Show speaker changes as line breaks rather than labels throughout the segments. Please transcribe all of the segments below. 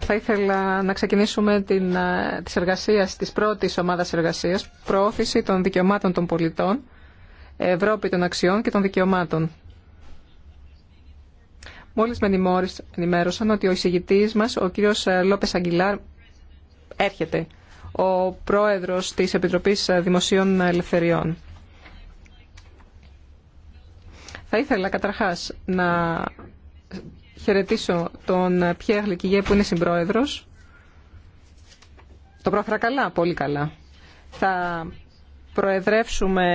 Θα ήθελα να ξεκινήσουμε την, ε, της της πρώτης ομάδας εργασίας, προώθηση των δικαιωμάτων των πολιτών, Ευρώπη των αξιών και των δικαιωμάτων. Μόλις με ενημέρωσαν ότι ο εισηγητής μας, ο κύριος ε, Λόπες Αγγιλάρ, έρχεται, ο πρόεδρος της Επιτροπής Δημοσίων Ελευθεριών. Θα ήθελα καταρχάς να χαιρετήσω τον Πιέρ Λικηγέ που είναι συμπρόεδρος. Το πρόφερα καλά, πολύ καλά. Θα προεδρεύσουμε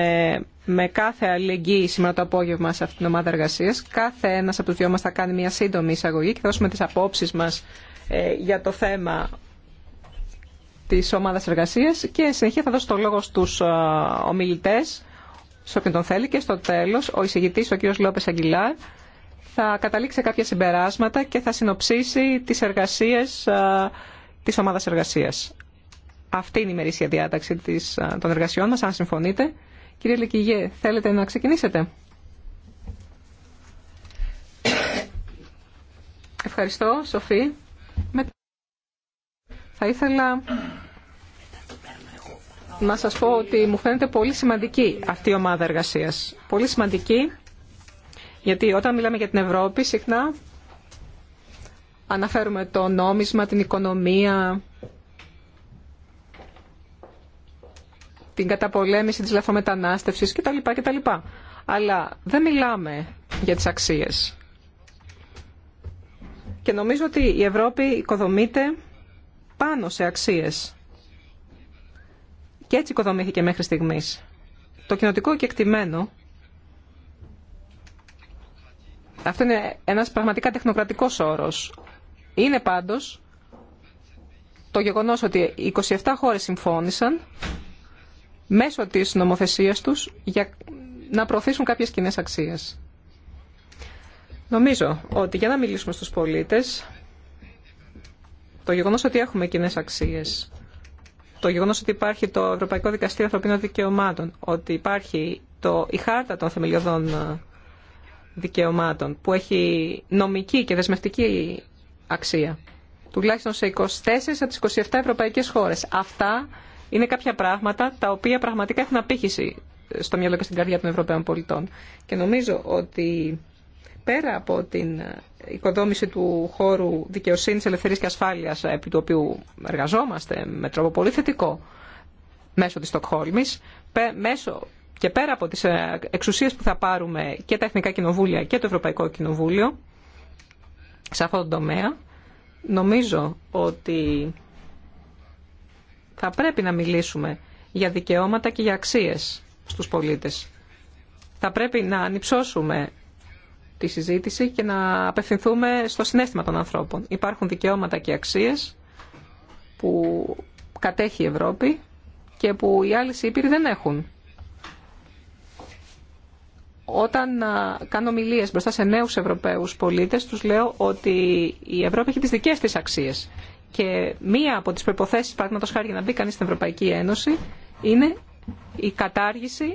με κάθε αλληλεγγύη σήμερα το απόγευμα σε αυτήν την ομάδα εργασίας. Κάθε ένας από τους δυο μας θα κάνει μια σύντομη εισαγωγή και θα δώσουμε τις απόψεις μας ε, για το θέμα της ομάδας εργασίας και συνεχεία θα δώσω το λόγο στους ε, ομιλητές, σε όποιον τον θέλει και στο τέλος ο εισηγητής, ο κύριος Λόπες Αγγιλάρ, θα καταλήξει κάποια συμπεράσματα και θα συνοψίσει τις εργασίες της ομάδας εργασίας. Αυτή είναι η μερίσια διάταξη της, των εργασιών μας, αν συμφωνείτε. Κύριε Λεκυγέ, θέλετε να ξεκινήσετε. Ευχαριστώ, Σοφή. Θα ήθελα να σας πω ότι μου φαίνεται πολύ σημαντική αυτή η ομάδα εργασίας. Πολύ σημαντική γιατί όταν μιλάμε για την Ευρώπη, συχνά αναφέρουμε το νόμισμα, την οικονομία, την καταπολέμηση της λαθομετανάστευσης κτλ. κτλ. Αλλά δεν μιλάμε για τις αξίες. Και νομίζω ότι η Ευρώπη οικοδομείται πάνω σε αξίες. Και έτσι οικοδομήθηκε μέχρι στιγμής. Το κοινοτικό κεκτημένο αυτό είναι ένας πραγματικά τεχνοκρατικός όρος. Είναι πάντως το γεγονός ότι 27 χώρες συμφώνησαν μέσω της νομοθεσίας τους για να προωθήσουν κάποιες κοινέ αξίες. Νομίζω ότι για να μιλήσουμε στους πολίτες, το γεγονός ότι έχουμε κοινέ αξίες, το γεγονός ότι υπάρχει το Ευρωπαϊκό Δικαστήριο Ανθρωπίνων Δικαιωμάτων, ότι υπάρχει το, η Χάρτα των Θεμελιωδών δικαιωμάτων που έχει νομική και δεσμευτική αξία. Τουλάχιστον σε 24 από τις 27 ευρωπαϊκές χώρες. Αυτά είναι κάποια πράγματα τα οποία πραγματικά έχουν απήχηση στο μυαλό και στην καρδιά των Ευρωπαίων πολιτών. Και νομίζω ότι πέρα από την οικοδόμηση του χώρου δικαιοσύνης, ελευθερίας και ασφάλειας επί του οποίου εργαζόμαστε με τρόπο πολύ θετικό μέσω της Στοκχόλμης, μέσω και πέρα από τις ε, εξουσίες που θα πάρουμε και τα Εθνικά Κοινοβούλια και το Ευρωπαϊκό Κοινοβούλιο σε αυτόν τον τομέα, νομίζω ότι θα πρέπει να μιλήσουμε για δικαιώματα και για αξίες στους πολίτες. Θα πρέπει να ανυψώσουμε τη συζήτηση και να απευθυνθούμε στο συνέστημα των ανθρώπων. Υπάρχουν δικαιώματα και αξίες που κατέχει η Ευρώπη και που οι άλλοι ήπειροι δεν έχουν όταν κάνω ομιλίε μπροστά σε νέου Ευρωπαίου πολίτε, του λέω ότι η Ευρώπη έχει τι δικέ της αξίε. Και μία από τι προποθέσει, παραδείγματο χάρη για να μπει κανεί στην Ευρωπαϊκή Ένωση, είναι η κατάργηση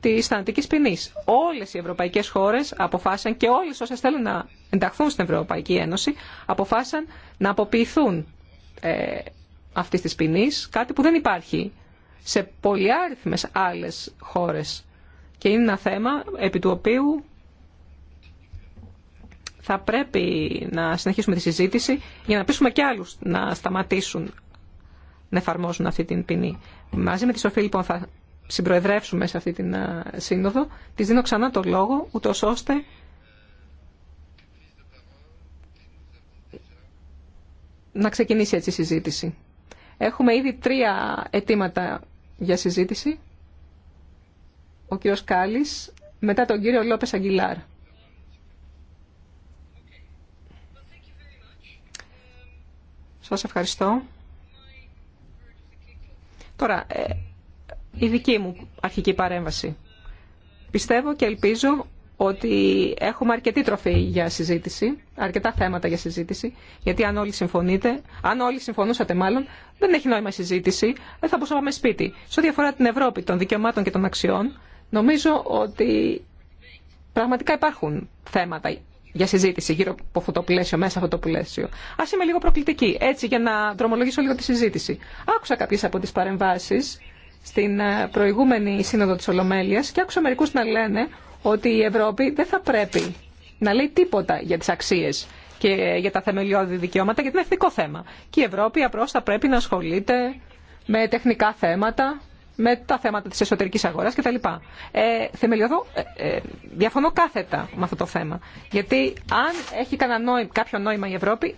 τη θανατική ποινή. Όλε οι ευρωπαϊκέ χώρε αποφάσισαν και όλε όσε θέλουν να ενταχθούν στην Ευρωπαϊκή Ένωση αποφάσισαν να αποποιηθούν ε, αυτή τη ποινή, κάτι που δεν υπάρχει σε πολυάριθμες άλλες χώρες και είναι ένα θέμα επί του οποίου θα πρέπει να συνεχίσουμε τη συζήτηση για να πείσουμε και άλλους να σταματήσουν να εφαρμόζουν αυτή την ποινή. Μαζί με τη Σοφή λοιπόν θα συμπροεδρεύσουμε σε αυτή την σύνοδο. τη δίνω ξανά το λόγο ούτω ώστε να ξεκινήσει έτσι η συζήτηση. Έχουμε ήδη τρία αιτήματα για συζήτηση ο κύριος Κάλης, μετά τον κύριο Λόπες Αγγιλάρ. Σας ευχαριστώ. Τώρα, ε, η δική μου αρχική παρέμβαση. Πιστεύω και ελπίζω ότι έχουμε αρκετή τροφή για συζήτηση, αρκετά θέματα για συζήτηση, γιατί αν όλοι συμφωνείτε, αν όλοι συμφωνούσατε μάλλον, δεν έχει νόημα συζήτηση, δεν θα μπορούσαμε σπίτι. Σε ό,τι αφορά την Ευρώπη των δικαιωμάτων και των αξιών, Νομίζω ότι πραγματικά υπάρχουν θέματα για συζήτηση γύρω από αυτό το πλαίσιο, μέσα από αυτό το πλαίσιο. Α είμαι λίγο προκλητική, έτσι για να δρομολογήσω λίγο τη συζήτηση. Άκουσα κάποιε από τι παρεμβάσει στην ε, προηγούμενη σύνοδο τη Ολομέλεια και άκουσα μερικού να λένε ότι η Ευρώπη δεν θα πρέπει να λέει τίποτα για τι αξίε και για τα θεμελιώδη δικαιώματα, γιατί είναι εθνικό θέμα. Και η Ευρώπη απλώ θα πρέπει να ασχολείται με τεχνικά θέματα, με τα θέματα της εσωτερικής αγοράς κτλ. Ε, θεμελιωδώ, ε, ε διαφωνώ κάθετα με αυτό το θέμα. Γιατί αν έχει κάποιο νόημα η Ευρώπη,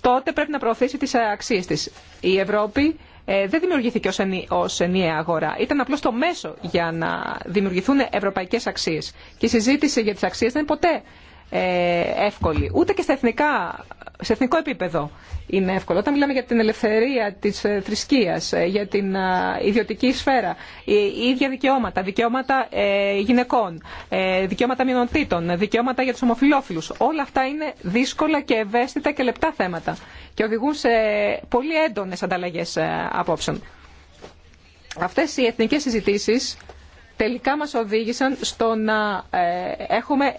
τότε πρέπει να προωθήσει τις αξίες της. Η Ευρώπη ε, δεν δημιουργήθηκε ως, ως ενιαία αγορά. Ήταν απλώς το μέσο για να δημιουργηθούν ευρωπαϊκές αξίες. Και η συζήτηση για τις αξίες δεν είναι ποτέ ε, εύκολη. Ούτε και στα εθνικά, σε εθνικό επίπεδο είναι εύκολο. Όταν μιλάμε για την ελευθερία της ε, θρησκείας, ε, για την ιδιωτική σφαίρα, οι ίδια δικαιώματα, δικαιώματα γυναικών, δικαιώματα μειονοτήτων, δικαιώματα για τους ομοφιλόφιλους, όλα αυτά είναι δύσκολα και ευαίσθητα και λεπτά θέματα και οδηγούν σε πολύ έντονες ανταλλαγές απόψεων. Αυτές οι εθνικές συζητήσεις τελικά μας οδήγησαν στο να έχουμε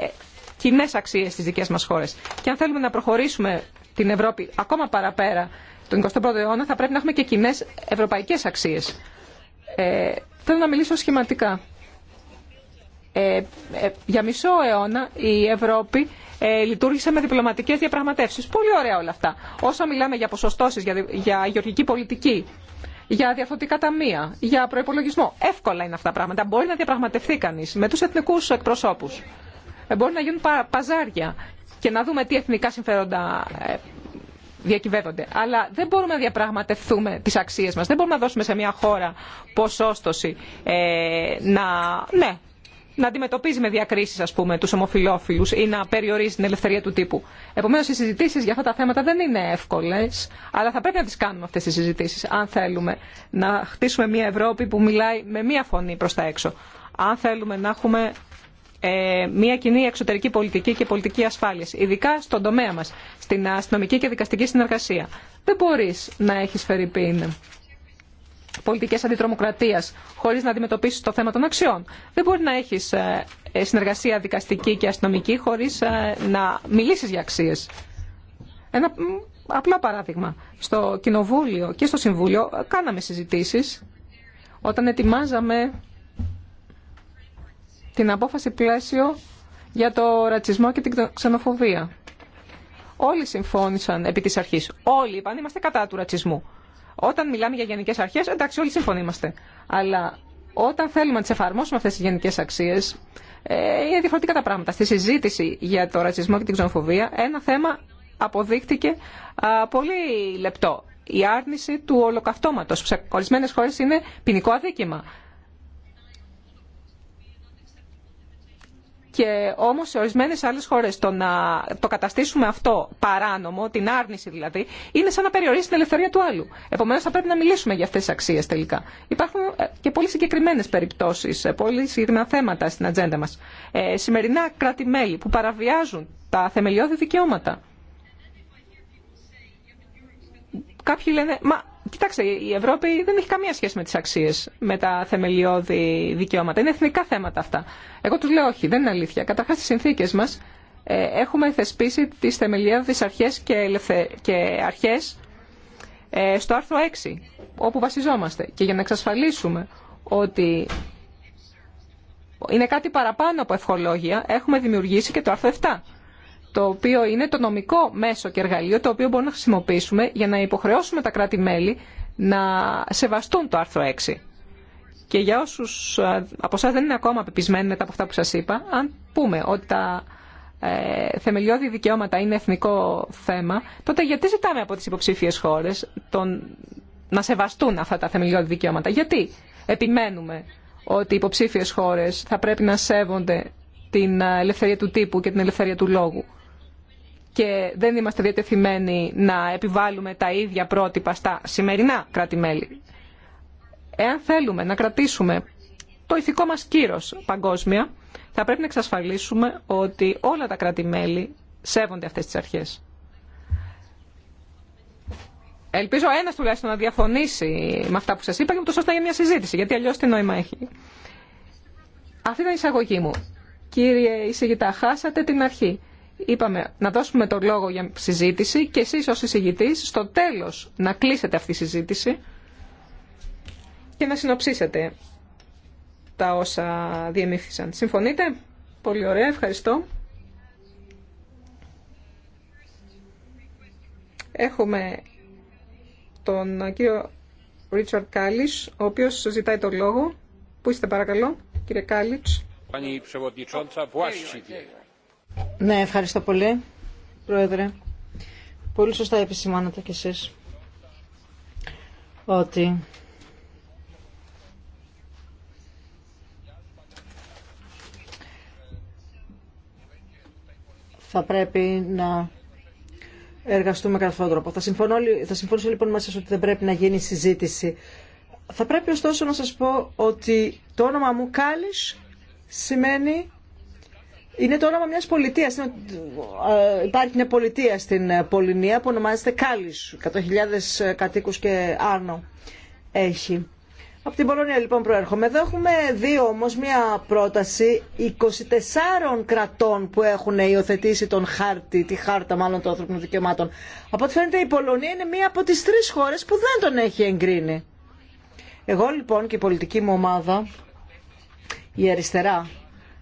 κοινέ αξίε στι δικέ μα χώρε. Και αν θέλουμε να προχωρήσουμε την Ευρώπη ακόμα παραπέρα τον 21ο αιώνα, θα πρέπει να έχουμε και κοινέ ευρωπαϊκέ αξίε. Ε, θέλω να μιλήσω σχηματικά. Ε, ε, για μισό αιώνα η Ευρώπη ε, λειτουργήσε με διπλωματικέ διαπραγματεύσει. Πολύ ωραία όλα αυτά. Όσα μιλάμε για ποσοστώσει, για, για γεωργική πολιτική, για διαφορετικά ταμεία, για προπολογισμό. Εύκολα είναι αυτά τα πράγματα. Μπορεί να διαπραγματευτεί κανεί με του εθνικού εκπροσώπου. Ε, μπορεί να γίνουν παζάρια και να δούμε τι εθνικά συμφέροντα ε, διακυβεύονται. Αλλά δεν μπορούμε να διαπραγματευτούμε τις αξίες μας. Δεν μπορούμε να δώσουμε σε μια χώρα ποσόστοση ε, να, ναι, να αντιμετωπίζει με διακρίσει, ας πούμε του ομοφυλόφιλου ή να περιορίζει την ελευθερία του τύπου. Επομένω, οι συζητήσει για αυτά τα θέματα δεν είναι εύκολε, αλλά θα πρέπει να τι κάνουμε αυτέ τι συζητήσει αν θέλουμε να χτίσουμε μια Ευρώπη που μιλάει με μια φωνή προ τα έξω. Αν θέλουμε να έχουμε ε, μια κοινή εξωτερική πολιτική και πολιτική ασφάλεια, ειδικά στον τομέα μα, στην αστυνομική και δικαστική συνεργασία. Δεν μπορεί να έχεις, φερειπίν πολιτικέ αντιτρομοκρατία χωρί να αντιμετωπίσει το θέμα των αξιών. Δεν μπορεί να έχει ε, ε, συνεργασία δικαστική και αστυνομική χωρί να μιλήσει για αξίε. Ένα απλό παράδειγμα. Στο Κοινοβούλιο και στο Συμβούλιο κάναμε συζητήσει όταν ετοιμάζαμε την απόφαση πλαίσιο για το ρατσισμό και την ξενοφοβία. Όλοι συμφώνησαν επί της αρχής. Όλοι είπαν είμαστε κατά του ρατσισμού. Όταν μιλάμε για γενικές αρχές, εντάξει όλοι συμφωνήμαστε. Αλλά όταν θέλουμε να τις εφαρμόσουμε αυτές τις γενικές αξίες, ε, είναι διαφορετικά τα πράγματα. Στη συζήτηση για το ρατσισμό και την ξενοφοβία, ένα θέμα αποδείχτηκε πολύ λεπτό. Η άρνηση του ολοκαυτώματος. Σε ορισμένες χώρες είναι ποινικό αδίκημα. Και όμω σε ορισμένες άλλες χώρες το να το καταστήσουμε αυτό παράνομο, την άρνηση δηλαδή, είναι σαν να περιορίσει την ελευθερία του άλλου. Επομένω θα πρέπει να μιλήσουμε για αυτέ τι αξίε τελικά. Υπάρχουν ε, και πολύ συγκεκριμένε περιπτώσει, ε, πολύ συγκεκριμένα θέματα στην ατζέντα μα. Ε, σημερινά κράτη-μέλη που παραβιάζουν τα θεμελιώδη δικαιώματα. Κάποιοι λένε, Κοιτάξτε, η Ευρώπη δεν έχει καμία σχέση με τι αξίε, με τα θεμελιώδη δικαιώματα. Είναι εθνικά θέματα αυτά. Εγώ του λέω όχι, δεν είναι αλήθεια. Καταρχά, στι συνθήκε μα ε, έχουμε θεσπίσει τι θεμελιώδει αρχέ και, ελευθε... και αρχέ ε, στο άρθρο 6, όπου βασιζόμαστε. Και για να εξασφαλίσουμε ότι είναι κάτι παραπάνω από ευχολόγια, έχουμε δημιουργήσει και το άρθρο 7 το οποίο είναι το νομικό μέσο και εργαλείο το οποίο μπορούμε να χρησιμοποιήσουμε για να υποχρεώσουμε τα κράτη-μέλη να σεβαστούν το άρθρο 6. Και για όσου ε, από εσά δεν είναι ακόμα πεπισμένοι μετά από αυτά που σα είπα, αν πούμε ότι τα ε, θεμελιώδη δικαιώματα είναι εθνικό θέμα, τότε γιατί ζητάμε από τι υποψήφιε χώρε να σεβαστούν αυτά τα θεμελιώδη δικαιώματα. Γιατί επιμένουμε ότι οι υποψήφιε χώρε θα πρέπει να σέβονται την ε, ελευθερία του τύπου και την ελευθερία του λόγου και δεν είμαστε διατεθειμένοι να επιβάλλουμε τα ίδια πρότυπα στα σημερινά κράτη-μέλη. Εάν θέλουμε να κρατήσουμε το ηθικό μας κύρος παγκόσμια, θα πρέπει να εξασφαλίσουμε ότι όλα τα κράτη-μέλη σέβονται αυτές τις αρχές. Ελπίζω ένας τουλάχιστον να διαφωνήσει με αυτά που σας είπα και ούτω το να για μια συζήτηση, γιατί αλλιώ τι νόημα έχει. Αυτή ήταν η εισαγωγή μου. Κύριε Ισηγητά, χάσατε την αρχή είπαμε να δώσουμε το λόγο για συζήτηση και εσείς ως εισηγητής στο τέλος να κλείσετε αυτή τη συζήτηση και να συνοψίσετε τα όσα διεμήφθησαν. Συμφωνείτε? Πολύ ωραία, ευχαριστώ. Έχουμε τον κύριο Ρίτσαρντ Κάλις, ο οποίος ζητάει το λόγο. Πού είστε παρακαλώ, κύριε Κάλιτς.
Ναι, ευχαριστώ πολύ, Πρόεδρε. Πολύ σωστά επισημάνατε κι εσείς ότι θα πρέπει να εργαστούμε κατά αυτόν τον τρόπο. Θα, συμφωνώ, θα συμφωνήσω λοιπόν μαζί σας ότι δεν πρέπει να γίνει συζήτηση. Θα πρέπει ωστόσο να σας πω ότι το όνομα μου Κάλης σημαίνει είναι το όνομα μιας πολιτείας. Ε, υπάρχει μια πολιτεία στην ε, Πολυνία που ονομάζεται Κάλις. 100.000 ε, κατοίκους και άνω έχει. Από την Πολωνία λοιπόν προέρχομαι. Εδώ έχουμε δύο όμω μια πρόταση 24 κρατών που έχουν υιοθετήσει τον χάρτη, τη χάρτα μάλλον των ανθρώπινων δικαιωμάτων. Από ό,τι φαίνεται η Πολωνία είναι μία από τι τρει χώρε που δεν τον έχει εγκρίνει. Εγώ λοιπόν και η πολιτική μου ομάδα, η αριστερά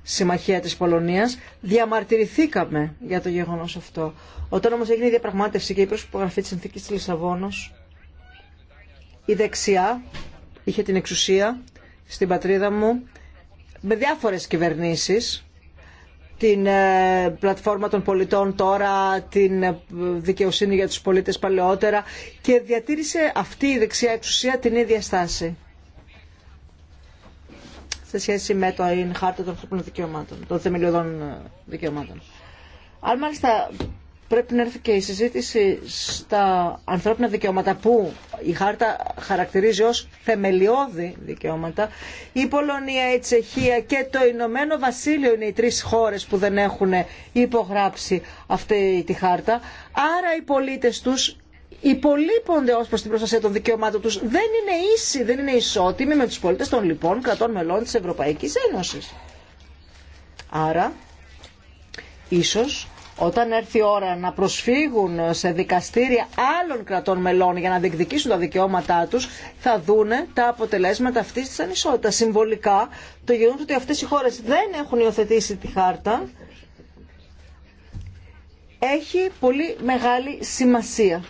Συμμαχία της Πολωνίας, διαμαρτυρηθήκαμε για το γεγονός αυτό. Όταν όμως έγινε η διαπραγμάτευση και η προσπογραφή της συνθήκης της Λισαβόνος, η δεξιά είχε την εξουσία στην πατρίδα μου με διάφορες κυβερνήσεις, την ε, πλατφόρμα των πολιτών τώρα, την ε, δικαιοσύνη για τους πολίτες παλαιότερα και διατήρησε αυτή η δεξιά εξουσία την ίδια στάση σε σχέση με το χάρτα των ανθρώπινων δικαιωμάτων, των θεμελιωδών ε, δικαιωμάτων. Αν μάλιστα πρέπει να έρθει και η συζήτηση στα ανθρώπινα δικαιώματα που η χάρτα χαρακτηρίζει ως θεμελιώδη δικαιώματα. Η Πολωνία, η Τσεχία και το Ηνωμένο Βασίλειο είναι οι τρεις χώρες που δεν έχουν υπογράψει αυτή τη χάρτα. Άρα οι πολίτες τους υπολείπονται ω προ την προστασία των δικαιωμάτων του. Δεν είναι ίσοι, δεν είναι ισότιμοι με του πολίτε των λοιπόν κρατών μελών τη Ευρωπαϊκή Ένωση. Άρα, ίσω όταν έρθει η ώρα να προσφύγουν σε δικαστήρια άλλων κρατών μελών για να διεκδικήσουν τα δικαιώματά του, θα δούνε τα αποτελέσματα αυτή τη ανισότητα. Συμβολικά, το γεγονό ότι αυτέ οι χώρε δεν έχουν υιοθετήσει τη χάρτα, έχει πολύ μεγάλη σημασία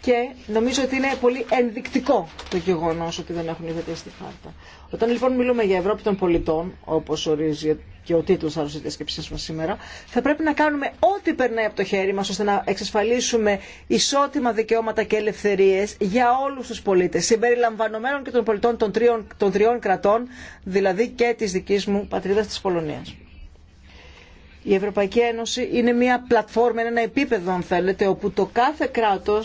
και νομίζω ότι είναι πολύ ενδεικτικό το γεγονό ότι δεν έχουν υιοθετήσει τη χάρτα. Όταν λοιπόν μιλούμε για Ευρώπη των πολιτών, όπω ορίζει και ο τίτλο άλλωστε τη σκέψη μα σήμερα, θα πρέπει να κάνουμε ό,τι περνάει από το χέρι μα ώστε να εξασφαλίσουμε ισότιμα δικαιώματα και ελευθερίε για όλου του πολίτε, συμπεριλαμβανομένων και των πολιτών των, τριών, των τριών κρατών, δηλαδή και τη δική μου πατρίδα τη Πολωνία. Η Ευρωπαϊκή Ένωση είναι μια πλατφόρμα, ένα επίπεδο, αν θέλετε, όπου το κάθε κράτο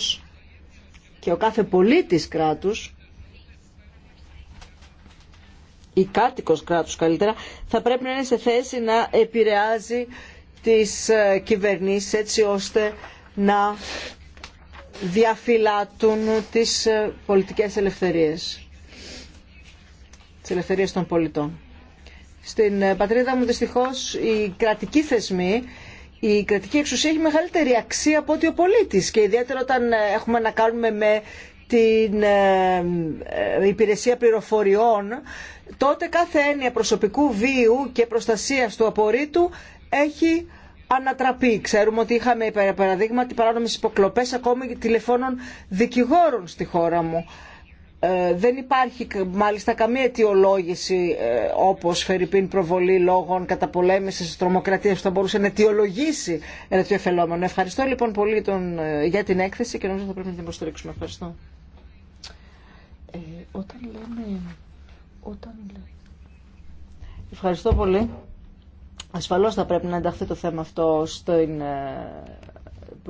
και ο κάθε πολίτης κράτους ή κάτοικος κράτους καλύτερα θα πρέπει να είναι σε θέση να επηρεάζει τις ε, κυβερνήσεις έτσι ώστε να διαφυλάτουν τις ε, πολιτικές ελευθερίες τις ελευθερίες των πολιτών. Στην ε, πατρίδα μου δυστυχώς οι κρατικοί θεσμοί η κρατική εξουσία έχει μεγαλύτερη αξία από ότι ο πολίτης και ιδιαίτερα όταν ε, έχουμε να κάνουμε με την ε, ε, υπηρεσία πληροφοριών, τότε κάθε έννοια προσωπικού βίου και προστασίας του απορρίτου έχει ανατραπεί. Ξέρουμε ότι είχαμε παραδείγματι παράνομες υποκλοπές ακόμη τηλεφώνων δικηγόρων στη χώρα μου. Ε, δεν υπάρχει μάλιστα καμία αιτιολόγηση ε, όπως Φερρυπίν προβολή λόγων κατά καταπολέμησης τρομοκρατίας που θα μπορούσε να αιτιολογήσει ένα τέτοιο Ευχαριστώ λοιπόν πολύ τον, ε, για την έκθεση και νομίζω θα πρέπει να την υποστηρίξουμε. Ευχαριστώ. Ε, όταν λέμε... Όταν λέμε... Ευχαριστώ πολύ. Ασφαλώς θα πρέπει να ενταχθεί το θέμα αυτό στην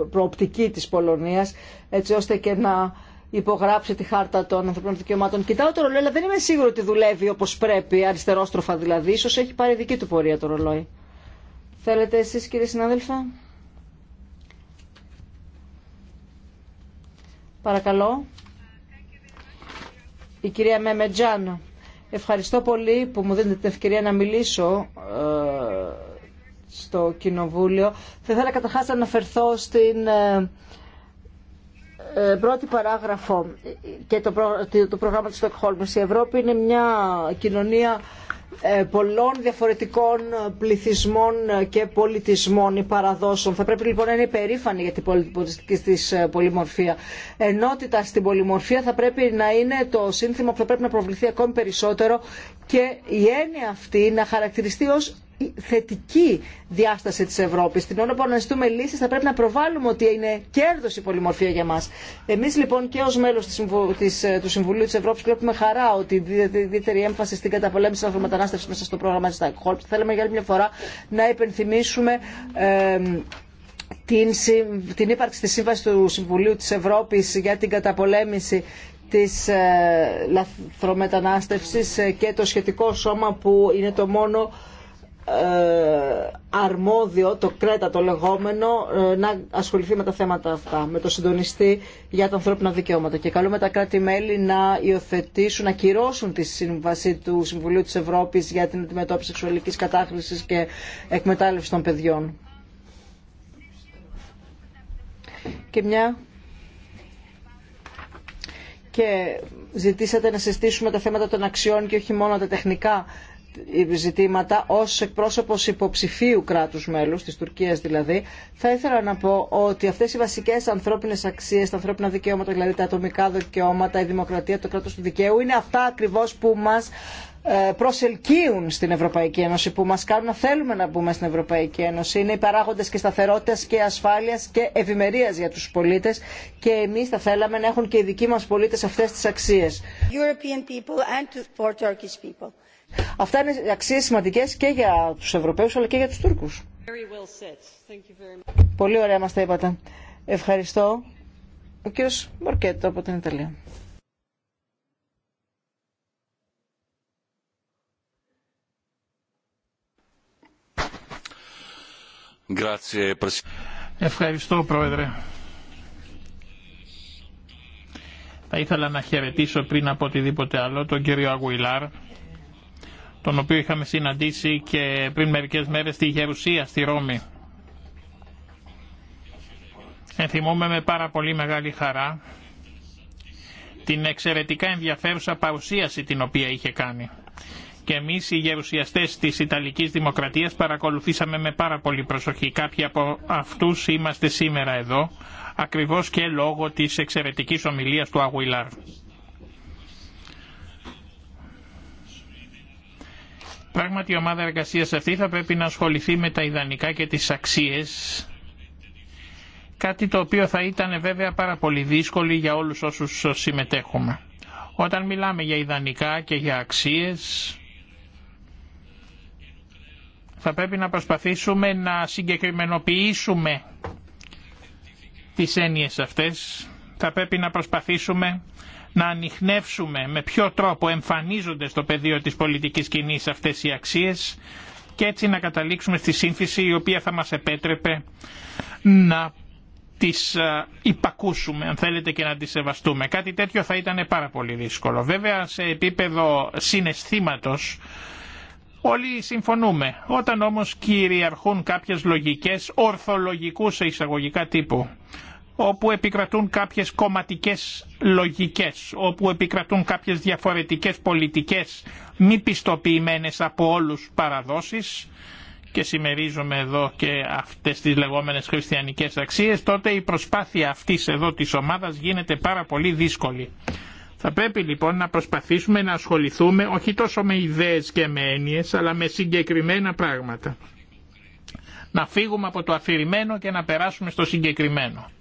προοπτική της Πολωνίας έτσι ώστε και να υπογράψει τη χάρτα των ανθρωπίνων δικαιωμάτων. Κοιτάω το ρολόι, αλλά δεν είμαι σίγουρη ότι δουλεύει όπως πρέπει, αριστερόστροφα δηλαδή. Ίσως έχει πάρει δική του πορεία το ρολόι. Θέλετε εσείς κύριε συνάδελφε. Παρακαλώ. Η κυρία Μεμετζάν. Ευχαριστώ πολύ που μου δίνετε την ευκαιρία να μιλήσω ε, στο Κοινοβούλιο. Θα ήθελα καταρχάς να αναφερθώ στην ε, ε, πρώτη παράγραφο και το, το πρόγραμμα της Στοκχόλμης. Η Ευρώπη είναι μια κοινωνία ε, πολλών διαφορετικών πληθυσμών και πολιτισμών ή παραδόσεων. Θα πρέπει λοιπόν να είναι υπερήφανη για την πολιτιστική της ε, πολυμορφία. Ενότητα στην πολυμορφία θα πρέπει να είναι το σύνθημα που θα πρέπει να προβληθεί ακόμη περισσότερο και η έννοια αυτή να χαρακτηριστεί ως θετική διάσταση της Ευρώπης. Την ώρα που αναζητούμε λύσεις θα πρέπει να προβάλλουμε ότι είναι κέρδος η πολυμορφία για μας. Εμείς λοιπόν και ως μέλος της, ε, του Συμβουλίου της Ευρώπης βλέπουμε χαρά ότι δίδεται ιδιαίτερη έμφαση στην καταπολέμηση της αφρομετανάστευσης μέσα στο πρόγραμμα της Στακχόλπ. Θέλαμε για άλλη μια φορά να υπενθυμίσουμε την, την ύπαρξη της Σύμβασης του Συμβουλίου της Ευρώπης για την καταπολέμηση της ε, λαθρομετανάστευσης ε, και το σχετικό σώμα που είναι το μόνο ε, αρμόδιο, το κρέτα το λεγόμενο, ε, να ασχοληθεί με τα θέματα αυτά, με το συντονιστή για τα ανθρώπινα δικαιώματα. Και καλούμε τα κράτη-μέλη να υιοθετήσουν, να κυρώσουν τη σύμβαση του Συμβουλίου της Ευρώπης για την αντιμετώπιση σεξουαλικής κατάχρησης και εκμετάλλευση των παιδιών. Και μια και ζητήσατε να συστήσουμε τα θέματα των αξιών και όχι μόνο τα τεχνικά ζητήματα ως εκπρόσωπος υποψηφίου κράτους μέλους, της Τουρκίας δηλαδή, θα ήθελα να πω ότι αυτές οι βασικές ανθρώπινες αξίες, τα ανθρώπινα δικαιώματα, δηλαδή τα ατομικά δικαιώματα, η δημοκρατία, το κράτος του δικαίου, είναι αυτά ακριβώς που μας ε, προσελκύουν στην Ευρωπαϊκή Ένωση, που μας κάνουν να θέλουμε να μπούμε στην Ευρωπαϊκή Ένωση. Είναι οι παράγοντες και σταθερότητα και ασφάλειας και ευημερία για τους πολίτες και εμείς θα θέλαμε να έχουν και οι δικοί μας πολίτες αυτές τις αξίες. Αυτά είναι αξίες σημαντικές και για τους Ευρωπαίους, αλλά και για τους Τούρκους. Πολύ ωραία μας τα είπατε. Ευχαριστώ. Ο κύριο Μορκέτο από την Ιταλία.
Ευχαριστώ Πρόεδρε. Θα ήθελα να χαιρετήσω πριν από οτιδήποτε άλλο τον κύριο Αγουιλάρ τον οποίο είχαμε συναντήσει και πριν μερικές μέρες στη Γερουσία, στη Ρώμη. Ενθυμούμε με πάρα πολύ μεγάλη χαρά την εξαιρετικά ενδιαφέρουσα παρουσίαση την οποία είχε κάνει. Και εμείς οι γερουσιαστές της Ιταλικής Δημοκρατίας παρακολουθήσαμε με πάρα πολύ προσοχή. Κάποιοι από αυτούς είμαστε σήμερα εδώ, ακριβώς και λόγω της εξαιρετικής ομιλίας του Αγουιλάρ. Πράγματι η ομάδα εργασίας αυτή θα πρέπει να ασχοληθεί με τα ιδανικά και τις αξίες κάτι το οποίο θα ήταν βέβαια πάρα πολύ δύσκολο για όλους όσους συμμετέχουμε. Όταν μιλάμε για ιδανικά και για αξίες, θα πρέπει να προσπαθήσουμε να συγκεκριμενοποιήσουμε τις έννοιες αυτές, θα πρέπει να προσπαθήσουμε να ανοιχνεύσουμε με ποιο τρόπο εμφανίζονται στο πεδίο της πολιτικής κοινή αυτές οι αξίες και έτσι να καταλήξουμε στη σύμφυση η οποία θα μας επέτρεπε να τις υπακούσουμε αν θέλετε και να τις σεβαστούμε. Κάτι τέτοιο θα ήταν πάρα πολύ δύσκολο. Βέβαια σε επίπεδο συναισθήματος όλοι συμφωνούμε. Όταν όμως κυριαρχούν κάποιες λογικές ορθολογικού σε εισαγωγικά τύπου όπου επικρατούν κάποιες κομματικές λογικές, όπου επικρατούν κάποιες διαφορετικές πολιτικές μη πιστοποιημένες από όλους παραδόσεις και συμμερίζομαι εδώ και αυτές τις λεγόμενες χριστιανικές αξίες, τότε η προσπάθεια αυτής εδώ της ομάδας γίνεται πάρα πολύ δύσκολη. Θα πρέπει λοιπόν να προσπαθήσουμε να ασχοληθούμε όχι τόσο με ιδέες και με έννοιες, αλλά με συγκεκριμένα πράγματα να φύγουμε από το αφηρημένο και να περάσουμε στο συγκεκριμένο.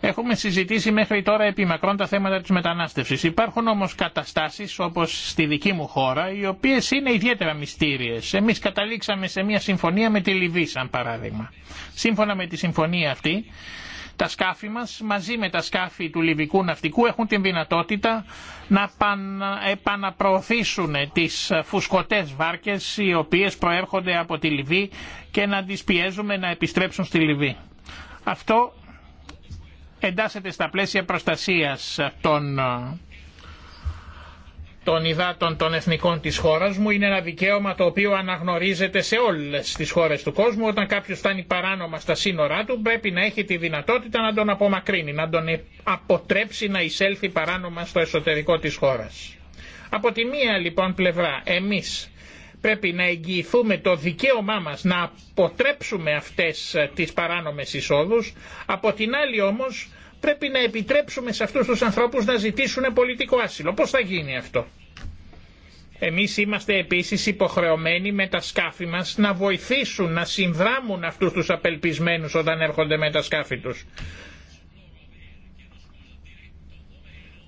Έχουμε συζητήσει μέχρι τώρα μακρόν τα θέματα της μετανάστευσης. Υπάρχουν όμως καταστάσεις όπως στη δική μου χώρα οι οποίες είναι ιδιαίτερα μυστήριες. Εμείς καταλήξαμε σε μια συμφωνία με τη Λιβύη σαν παράδειγμα. Σύμφωνα με τη συμφωνία αυτή τα σκάφη μας μαζί με τα σκάφη του Λιβικού Ναυτικού έχουν την δυνατότητα να επαναπροωθήσουν τις φουσκωτές βάρκες οι οποίες προέρχονται από τη Λιβύη και να τις πιέζουμε να επιστρέψουν στη Λιβύη. Αυτό εντάσσεται στα πλαίσια προστασίας των των υδάτων των εθνικών της χώρας μου είναι ένα δικαίωμα το οποίο αναγνωρίζεται σε όλες τις χώρες του κόσμου. Όταν κάποιος φτάνει παράνομα στα σύνορά του πρέπει να έχει τη δυνατότητα να τον απομακρύνει, να τον αποτρέψει να εισέλθει παράνομα στο εσωτερικό της χώρας. Από τη μία λοιπόν πλευρά εμείς πρέπει να εγγυηθούμε το δικαίωμά μας να αποτρέψουμε αυτές τις παράνομες εισόδους, από την άλλη όμως πρέπει να επιτρέψουμε σε αυτούς τους ανθρώπους να ζητήσουν πολιτικό άσυλο. Πώς θα γίνει αυτό. Εμείς είμαστε επίσης υποχρεωμένοι με τα σκάφη μας να βοηθήσουν, να συνδράμουν αυτούς τους απελπισμένους όταν έρχονται με τα σκάφη τους.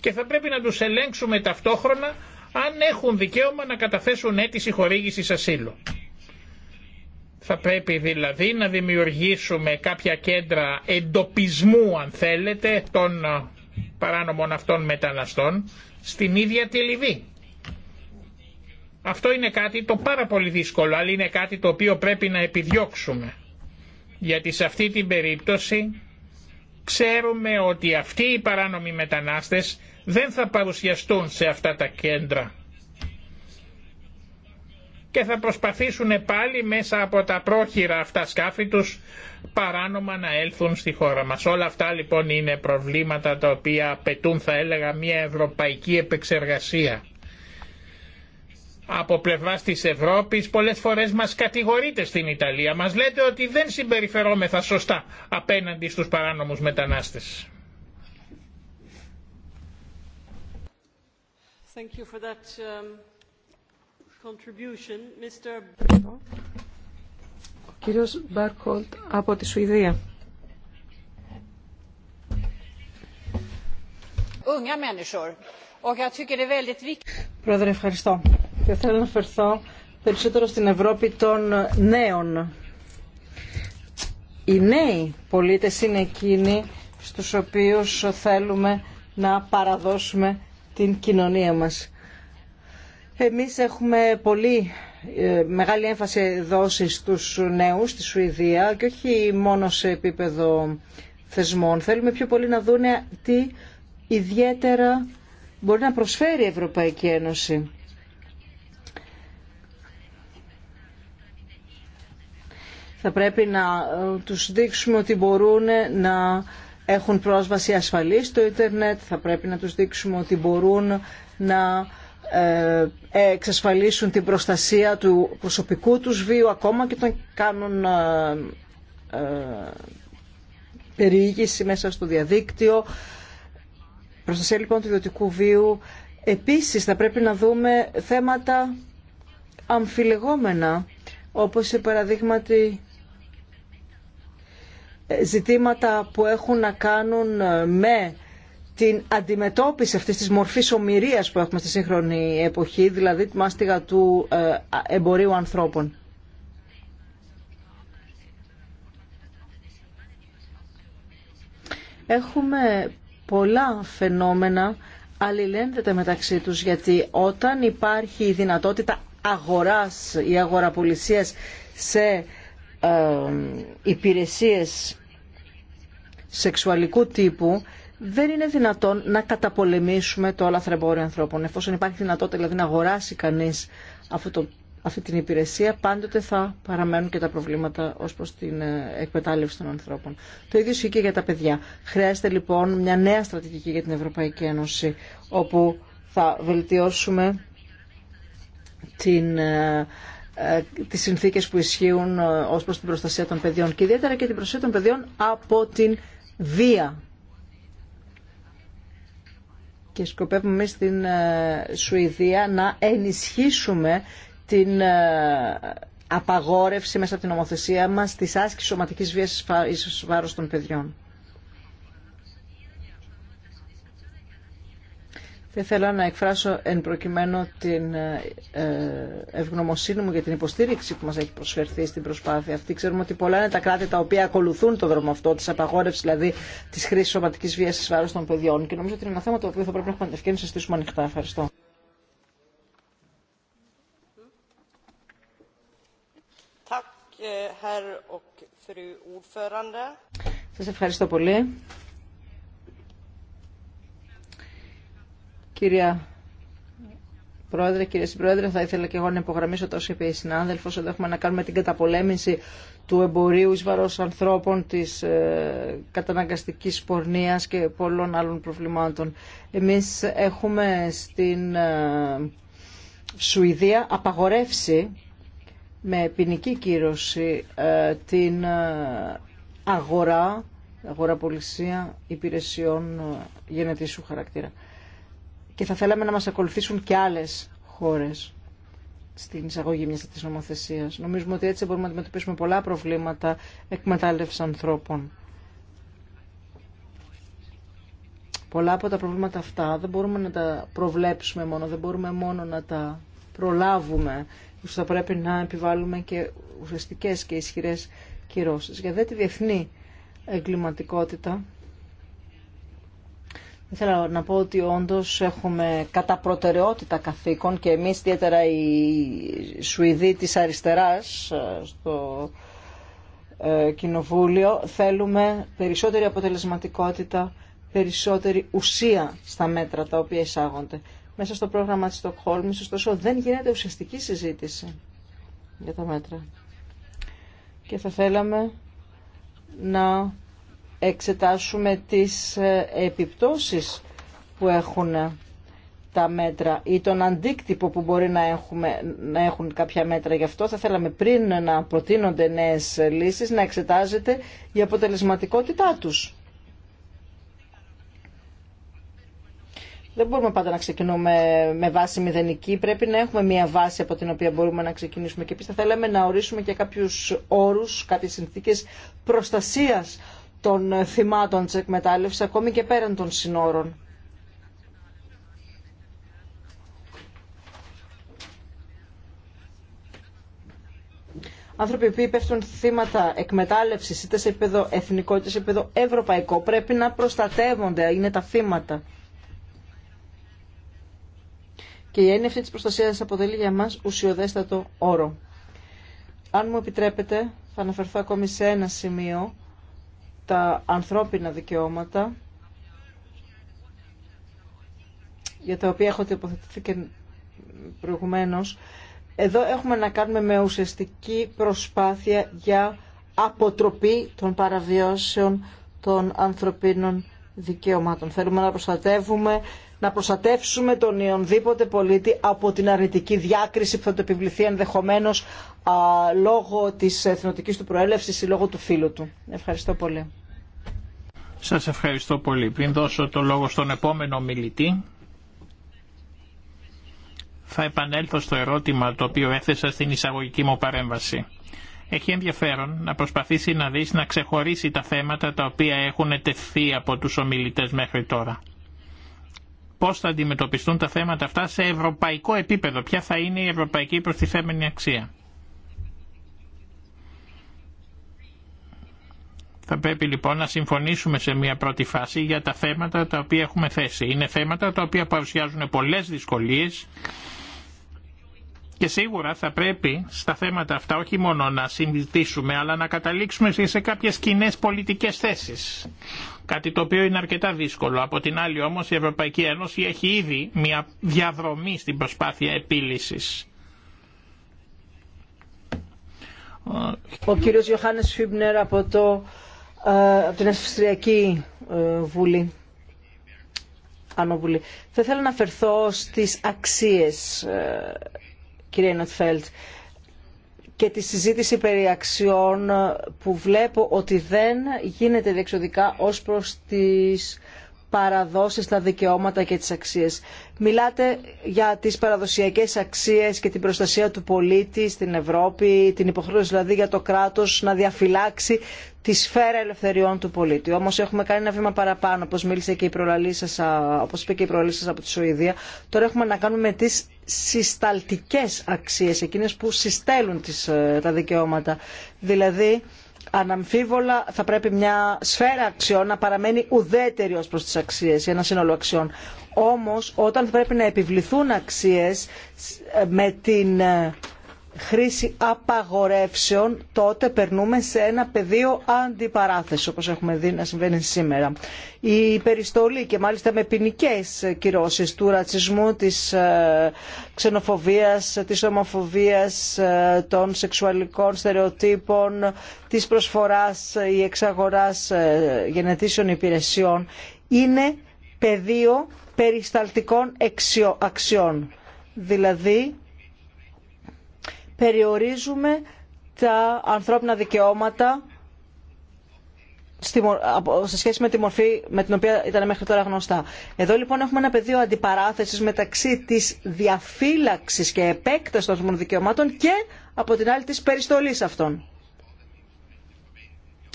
Και θα πρέπει να τους ελέγξουμε ταυτόχρονα αν έχουν δικαίωμα να καταθέσουν αίτηση χορήγησης ασύλου. Θα πρέπει δηλαδή να δημιουργήσουμε κάποια κέντρα εντοπισμού, αν θέλετε, των παράνομων αυτών μεταναστών στην ίδια τη Λιβύη. Αυτό είναι κάτι το πάρα πολύ δύσκολο, αλλά είναι κάτι το οποίο πρέπει να επιδιώξουμε. Γιατί σε αυτή την περίπτωση ξέρουμε ότι αυτοί οι παράνομοι μετανάστες δεν θα παρουσιαστούν σε αυτά τα κέντρα και θα προσπαθήσουν πάλι μέσα από τα πρόχειρα αυτά σκάφη τους παράνομα να έλθουν στη χώρα μας. Όλα αυτά λοιπόν είναι προβλήματα τα οποία απαιτούν θα έλεγα μια ευρωπαϊκή επεξεργασία από πλευρά της Ευρώπης πολλές φορές μας κατηγορείτε στην Ιταλία. Μας λέτε ότι δεν συμπεριφερόμεθα σωστά απέναντι στους παράνομους μετανάστες.
Thank you for that, um, contribution. Mr.
Ο κύριος Μπάρκολτ από τη Σουηδία.
Unga människor. Och jag tycker det är väldigt viktigt. Πρόεδρε, ευχαριστώ και θέλω να φερθώ περισσότερο στην Ευρώπη των νέων. Οι νέοι πολίτες είναι εκείνοι στους οποίους θέλουμε να παραδώσουμε την κοινωνία μας. Εμείς έχουμε πολύ ε, μεγάλη έμφαση δώσει στους νέους στη Σουηδία και όχι μόνο σε επίπεδο θεσμών. Θέλουμε πιο πολύ να δούνε τι ιδιαίτερα μπορεί να προσφέρει η Ευρωπαϊκή Ένωση. θα πρέπει να ε, τους δείξουμε ότι μπορούν να έχουν πρόσβαση ασφαλή στο ίντερνετ, θα πρέπει να τους δείξουμε ότι μπορούν να ε, εξασφαλίσουν την προστασία του προσωπικού τους βίου ακόμα και όταν κάνουν ε, περιήγηση μέσα στο διαδίκτυο. Προστασία λοιπόν του ιδιωτικού βίου. Επίσης θα πρέπει να δούμε θέματα αμφιλεγόμενα όπως σε παραδείγματι ε, ζητήματα που έχουν να κάνουν ε, με την αντιμετώπιση αυτής της μορφής ομοιρίας που έχουμε στη σύγχρονη εποχή, δηλαδή τη μάστιγα του ε, εμπορίου ανθρώπων. Έχουμε πολλά φαινόμενα αλληλένδετα μεταξύ τους, γιατί όταν υπάρχει η δυνατότητα αγοράς ή αγοραπολισίας σε ε, υπηρεσίες σεξουαλικού τύπου δεν είναι δυνατόν να καταπολεμήσουμε το λαθρεμπόριο ανθρώπων. Εφόσον υπάρχει δυνατότητα δηλαδή να αγοράσει κανεί αυτή την υπηρεσία, πάντοτε θα παραμένουν και τα προβλήματα ω προ την ε, εκμετάλλευση των ανθρώπων. Το ίδιο ισχύει και για τα παιδιά. Χρειάζεται λοιπόν μια νέα στρατηγική για την Ευρωπαϊκή Ένωση, όπου θα βελτιώσουμε την, ε, ε, τι συνθήκε που ισχύουν ως προς την προστασία των παιδιών και ιδιαίτερα και την προστασία των παιδιών από την βία. Και σκοπεύουμε στην ε, Σουηδία να ενισχύσουμε την ε, απαγόρευση μέσα από την νομοθεσία μας της άσκησης σωματικής βίας εις βάρος των παιδιών. Θα ήθελα να εκφράσω εν προκειμένου την ε, ευγνωμοσύνη μου για την υποστήριξη που μας έχει προσφερθεί στην προσπάθεια αυτή. Ξέρουμε ότι πολλά είναι τα κράτη τα οποία ακολουθούν το δρόμο αυτό, της απαγόρευσης δηλαδή της χρήσης σωματικής βίας στις βάρος των παιδιών και νομίζω ότι είναι ένα θέμα το οποίο θα πρέπει να έχουμε την ευκαιρία να συζητήσουμε ανοιχτά. Ευχαριστώ. Eh, Σα ευχαριστώ πολύ. Κυρία Πρόεδρε, κύριε Συμπρόεδρε, θα ήθελα και εγώ να υπογραμμίσω τόσο είπε η συνάδελφο, ότι έχουμε να κάνουμε την καταπολέμηση του εμπορίου ει βαρό ανθρώπων, τη ε, καταναγκαστική πορνεία και πολλών άλλων προβλημάτων. Εμεί έχουμε στην ε, Σουηδία απαγορεύσει με ποινική κύρωση ε, την αγορά, αγοραπολισία υπηρεσιών γενετήσου χαρακτήρα και θα θέλαμε να μας ακολουθήσουν και άλλες χώρες στην εισαγωγή μιας τέτοιας νομοθεσίας. Νομίζουμε ότι έτσι μπορούμε να αντιμετωπίσουμε πολλά προβλήματα εκμετάλλευση ανθρώπων. Πολλά από τα προβλήματα αυτά δεν μπορούμε να τα προβλέψουμε μόνο, δεν μπορούμε μόνο να τα προλάβουμε. Θα πρέπει να επιβάλλουμε και ουσιαστικές και ισχυρές κυρώσεις. Για δε τη διεθνή εγκληματικότητα, ήθελα να πω ότι όντω έχουμε κατά προτεραιότητα καθήκον και εμείς ιδιαίτερα οι Σουηδοί της αριστεράς ε, στο ε, Κοινοβούλιο θέλουμε περισσότερη αποτελεσματικότητα, περισσότερη ουσία στα μέτρα τα οποία εισάγονται. Μέσα στο πρόγραμμα της Στοκχόλμης, ωστόσο, δεν γίνεται ουσιαστική συζήτηση για τα μέτρα. Και θα θέλαμε να εξετάσουμε τις ε, επιπτώσεις που έχουν ε, τα μέτρα ή τον αντίκτυπο που μπορεί να, έχουμε, να έχουν κάποια μέτρα. Γι' αυτό θα θέλαμε πριν να προτείνονται νέες λύσεις να εξετάζεται η αποτελεσματικότητά τους. Δεν μπορούμε πάντα να ξεκινούμε με βάση μηδενική. Πρέπει να έχουμε μια βάση από την οποία μπορούμε να ξεκινήσουμε. Και επίση θα θέλαμε να ορίσουμε και κάποιου όρους, κάποιες συνθήκες προστασίας των θυμάτων της εκμετάλλευσης, ακόμη και πέραν των συνόρων. Άνθρωποι που πέφτουν θύματα εκμετάλλευση είτε σε επίπεδο εθνικό είτε σε επίπεδο ευρωπαϊκό πρέπει να προστατεύονται, είναι τα θύματα. Και η έννοια αυτή τη προστασία αποτελεί για μα ουσιοδέστατο όρο. Αν μου επιτρέπετε, θα αναφερθώ ακόμη σε ένα σημείο τα ανθρώπινα δικαιώματα για τα οποία έχω τοποθετηθεί και προηγουμένως. Εδώ έχουμε να κάνουμε με ουσιαστική προσπάθεια για αποτροπή των παραβιώσεων των ανθρωπίνων δικαιωμάτων. Θέλουμε να προστατεύουμε, να προστατεύσουμε τον ιονδήποτε πολίτη από την αρνητική διάκριση που θα του επιβληθεί ενδεχομένως α, λόγω της εθνοτικής του προέλευσης ή λόγω του φίλου του. Ευχαριστώ πολύ.
Σας
ευχαριστώ πολύ. Πριν δώσω το λόγο στον επόμενο μιλητή, θα επανέλθω στο ερώτημα το οποίο έθεσα στην εισαγωγική μου παρέμβαση. Έχει ενδιαφέρον να προσπαθήσει να δεις να ξεχωρίσει τα θέματα τα οποία έχουν τεθεί από τους ομιλητές μέχρι τώρα. Πώς θα αντιμετωπιστούν τα θέματα αυτά σε ευρωπαϊκό επίπεδο, ποια θα είναι η ευρωπαϊκή προστιθέμενη αξία. Θα πρέπει λοιπόν να συμφωνήσουμε σε μια πρώτη φάση για τα θέματα τα οποία έχουμε θέσει. Είναι θέματα τα οποία παρουσιάζουν πολλές δυσκολίες και σίγουρα θα πρέπει στα θέματα αυτά όχι μόνο να συζητήσουμε αλλά να καταλήξουμε σε κάποιες κοινέ πολιτικές θέσεις. Κάτι το οποίο είναι αρκετά δύσκολο. Από την άλλη όμως η Ευρωπαϊκή Ένωση έχει ήδη μια διαδρομή στην προσπάθεια επίλυσης.
Ο κύριος Ιωάννης Φίμπνερ από το ε, από την Αυστριακή ε, Βουλή. ανοβούλη Θα ήθελα να αφαιρθώ στις αξίες, ε, κυρία Νοτφέλτ, και τη συζήτηση περί αξιών που βλέπω ότι δεν γίνεται διεξοδικά ως προς τις παραδώσει τα δικαιώματα και τις αξίες. Μιλάτε για τις παραδοσιακές αξίες και την προστασία του πολίτη στην Ευρώπη, την υποχρέωση δηλαδή για το κράτος να διαφυλάξει τη σφαίρα ελευθεριών του πολίτη. Όμως έχουμε κάνει ένα βήμα παραπάνω, όπως, μίλησε και η σας, όπως είπε και η προλαλή σα από τη Σουηδία. Τώρα έχουμε να κάνουμε με τις συσταλτικές αξίες, εκείνες που συστέλουν τις, ε, τα δικαιώματα. Δηλαδή, αναμφίβολα θα πρέπει μια σφαίρα αξιών να παραμένει ουδέτερη ως προς τις αξίες ένα σύνολο αξιών. Όμως όταν πρέπει να επιβληθούν αξίες ε, με την ε, χρήση απαγορεύσεων, τότε περνούμε σε ένα πεδίο αντιπαράθεση, όπως έχουμε δει να συμβαίνει σήμερα. Η περιστολή και μάλιστα με ποινικέ κυρώσεις του ρατσισμού, της ε, ξενοφοβίας, της ομοφοβίας, ε, των σεξουαλικών στερεοτύπων, της προσφοράς ή εξαγοράς ε, γενετήσεων υπηρεσιών, είναι πεδίο περισταλτικών αξιών. Δηλαδή, περιορίζουμε τα ανθρώπινα δικαιώματα σε σχέση με τη μορφή με την οποία ήταν μέχρι τώρα γνωστά. Εδώ λοιπόν έχουμε ένα πεδίο αντιπαράθεσης μεταξύ της διαφύλαξης και επέκτασης των ανθρώπινων δικαιωμάτων και από την άλλη της περιστολής αυτών.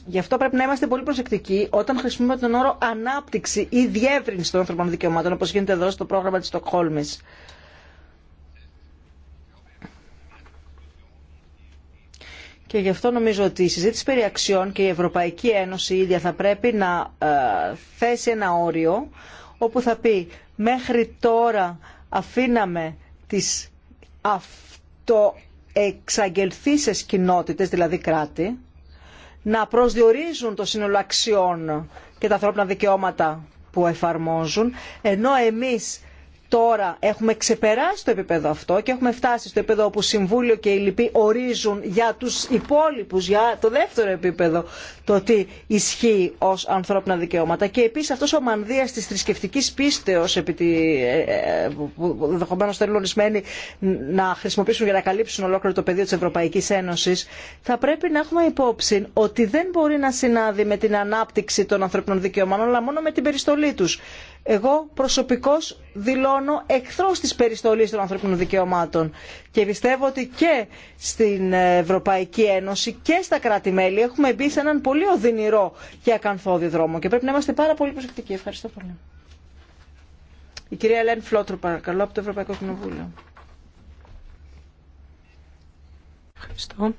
Γι' αυτό πρέπει να είμαστε πολύ προσεκτικοί όταν χρησιμοποιούμε τον όρο ανάπτυξη ή διεύρυνση των ανθρώπινων δικαιωμάτων, όπω γίνεται εδώ στο πρόγραμμα τη Στοκχόλμη. Και γι' αυτό νομίζω ότι η συζήτηση περί αξιών και η Ευρωπαϊκή Ένωση ίδια θα πρέπει να ε, θέσει ένα όριο όπου θα πει μέχρι τώρα αφήναμε τις αυτοεξαγγελθήσεις κοινότητες, δηλαδή κράτη, να προσδιορίζουν το σύνολο αξιών και τα ανθρώπινα δικαιώματα που εφαρμόζουν, ενώ εμείς τώρα έχουμε ξεπεράσει το επίπεδο αυτό και έχουμε φτάσει στο επίπεδο όπου Συμβούλιο και οι λοιποί ορίζουν για τους υπόλοιπους, για το δεύτερο επίπεδο, το τι ισχύει ως ανθρώπινα δικαιώματα. Και επίσης αυτός ο μανδύας της θρησκευτική πίστεως, επί ε, ε, που θέλουν ορισμένοι να χρησιμοποιήσουν για να καλύψουν ολόκληρο το πεδίο της Ευρωπαϊκής Ένωσης, θα πρέπει να έχουμε υπόψη ότι δεν μπορεί να συνάδει με την ανάπτυξη των ανθρώπινων δικαιωμάτων, αλλά μόνο με την περιστολή τους. Εγώ προσωπικώς δηλώνω εχθρός της περιστολής των ανθρωπίνων δικαιωμάτων και πιστεύω ότι και στην Ευρωπαϊκή Ένωση και στα κράτη-μέλη έχουμε μπει σε έναν πολύ οδυνηρό και ακαθόδη δρόμο και πρέπει να είμαστε πάρα πολύ προσεκτικοί. Ευχαριστώ πολύ. Η κυρία Ελένη Φλότρου, παρακαλώ, από το Ευρωπαϊκό Κοινοβούλιο. Ευχαριστώ.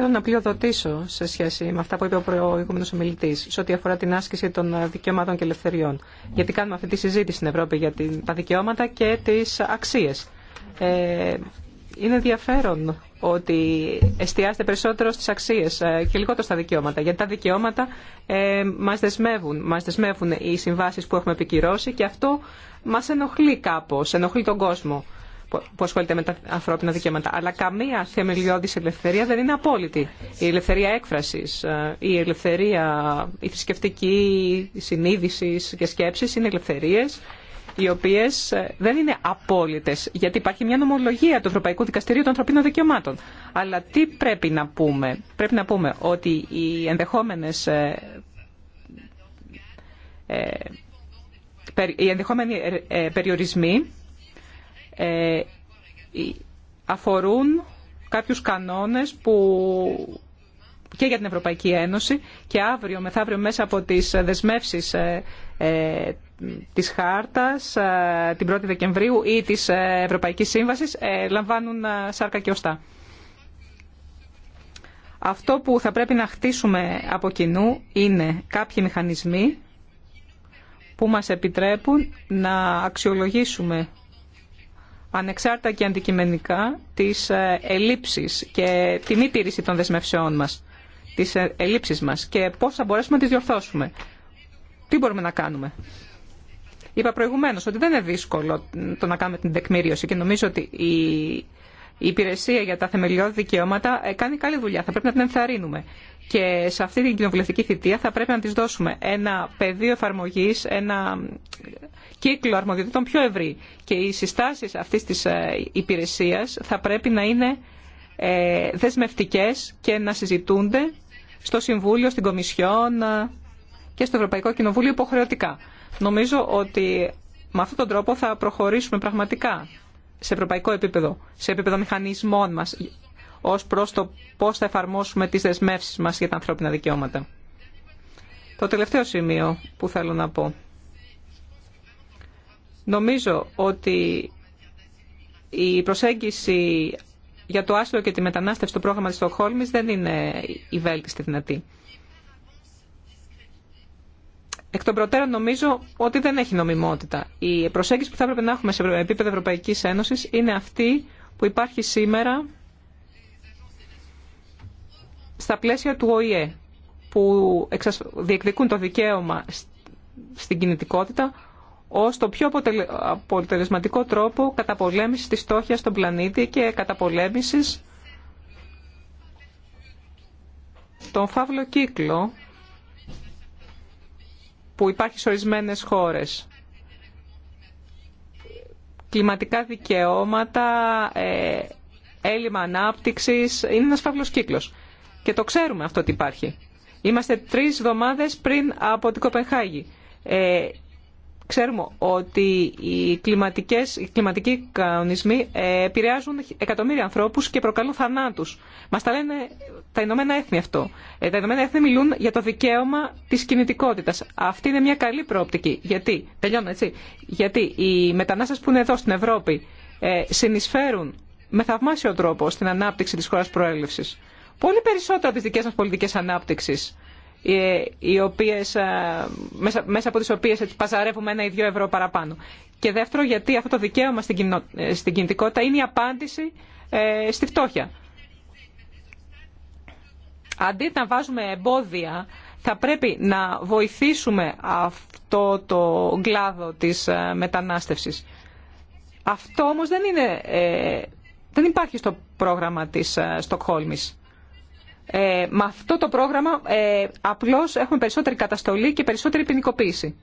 Θέλω να πλειοδοτήσω σε σχέση με αυτά που είπε ο προηγούμενο ομιλητή, σε ό,τι αφορά την άσκηση των δικαιωμάτων και ελευθεριών. Γιατί κάνουμε αυτή τη συζήτηση στην Ευρώπη για τα δικαιώματα και τι αξίε. Ε, είναι ενδιαφέρον ότι εστιάζεται περισσότερο στις αξίες ε, και λιγότερο στα δικαιώματα. Γιατί τα δικαιώματα ε, μας δεσμεύουν. Μας δεσμεύουν οι συμβάσεις που έχουμε επικυρώσει και αυτό μας ενοχλεί κάπως, ενοχλεί τον κόσμο που ασχολείται με τα ανθρώπινα δικαιώματα. Αλλά καμία θεμελιώδης ελευθερία δεν είναι απόλυτη. Η ελευθερία έκφρασης, ε, η ελευθερία η θρησκευτική συνείδηση και σκέψης είναι ελευθερίες οι οποίε ε, δεν είναι απόλυτε, γιατί υπάρχει μια νομολογία του Ευρωπαϊκού Δικαστηρίου των Ανθρωπίνων Δικαιωμάτων. Αλλά τι πρέπει να πούμε, πρέπει να πούμε ότι οι ενδεχόμενε. Ε, οι ενδεχόμενοι περιορισμοί ε, αφορούν κάποιους κανόνες που και για την Ευρωπαϊκή Ένωση και αύριο, μεθαύριο μέσα από τις δεσμεύσεις ε, ε της Χάρτας ε, την 1η Δεκεμβρίου ή της Ευρωπαϊκής Σύμβασης λαμβάνουν σάρκα και οστά. Αυτό που θα πρέπει να χτίσουμε από κοινού είναι κάποιοι μηχανισμοί που μας επιτρέπουν να αξιολογήσουμε ανεξάρτητα και αντικειμενικά της ε, ελλείψεις και τη μη τήρηση των δεσμευσεών μας, της ε, ελλείψεις μας και πώς θα μπορέσουμε να τις διορθώσουμε. Τι μπορούμε να κάνουμε. Είπα προηγουμένως ότι δεν είναι δύσκολο το να κάνουμε την τεκμήριωση και νομίζω ότι η η υπηρεσία για τα θεμελιώδη δικαιώματα ε, κάνει καλή δουλειά. Θα πρέπει να την ενθαρρύνουμε. Και σε αυτή την κοινοβουλευτική θητεία θα πρέπει να τη δώσουμε ένα πεδίο εφαρμογή, ένα κύκλο αρμοδιοτήτων πιο ευρύ. Και οι συστάσει αυτή τη ε, υπηρεσία θα πρέπει να είναι ε, δεσμευτικέ και να συζητούνται στο Συμβούλιο, στην Κομισιόν και στο Ευρωπαϊκό Κοινοβούλιο υποχρεωτικά. Νομίζω ότι με αυτόν τον τρόπο θα προχωρήσουμε πραγματικά σε ευρωπαϊκό επίπεδο, σε επίπεδο μηχανισμών μας, ως προς το πώς θα εφαρμόσουμε τις δεσμεύσεις μας για τα ανθρώπινα δικαιώματα. Το τελευταίο σημείο που θέλω να πω. Νομίζω ότι η προσέγγιση για το άσυλο και τη μετανάστευση στο πρόγραμμα της Στοχόλμης δεν είναι η βέλτιστη δυνατή εκ των προτέρων νομίζω ότι δεν έχει νομιμότητα. Η προσέγγιση που θα έπρεπε να έχουμε σε επίπεδο Ευρωπαϊκής Ένωση είναι αυτή που υπάρχει σήμερα στα πλαίσια του ΟΗΕ που διεκδικούν το δικαίωμα στην κινητικότητα ως το πιο αποτελεσματικό τρόπο καταπολέμηση της στόχια στον πλανήτη και καταπολέμηση τον φαύλο κύκλο που υπάρχει σε ορισμένες χώρες. Κλιματικά δικαιώματα, ε, έλλειμμα ανάπτυξης, είναι ένας φαύλος κύκλος. Και το ξέρουμε αυτό ότι υπάρχει. Είμαστε τρεις εβδομάδες πριν από την Κοπενχάγη. Ε, Ξέρουμε ότι οι, κλιματικοί κανονισμοί ε, επηρεάζουν εκατομμύρια ανθρώπους και προκαλούν θανάτους. Μας τα λένε τα Ηνωμένα Έθνη αυτό. Ε, τα Ηνωμένα Έθνη μιλούν για το δικαίωμα της κινητικότητας. Αυτή είναι μια καλή προοπτική. Γιατί, τελειώνω έτσι, γιατί οι μετανάστες που είναι εδώ στην Ευρώπη ε, συνεισφέρουν με θαυμάσιο τρόπο στην ανάπτυξη της χώρας προέλευσης. Πολύ περισσότερο από τις δικές μας πολιτικές ανάπτυξης ε, οι οποίες, ε, μέσα από τις οποίες παζαρεύουμε ένα ή δύο ευρώ παραπάνω. Και δεύτερο, γιατί αυτό το δικαίωμα στην ε, κινητικότητα είναι η απάντηση στη φτώχεια. Αντί να βάζουμε εμπόδια, θα πρέπει να βοηθήσουμε αυτό το κλάδο της μετανάστευσης. Αυτό όμως δεν, είναι, δεν υπάρχει στο πρόγραμμα της Στοκχόλμης. Ε, με αυτό το πρόγραμμα ε, απλώς έχουμε περισσότερη καταστολή και περισσότερη ποινικοποίηση.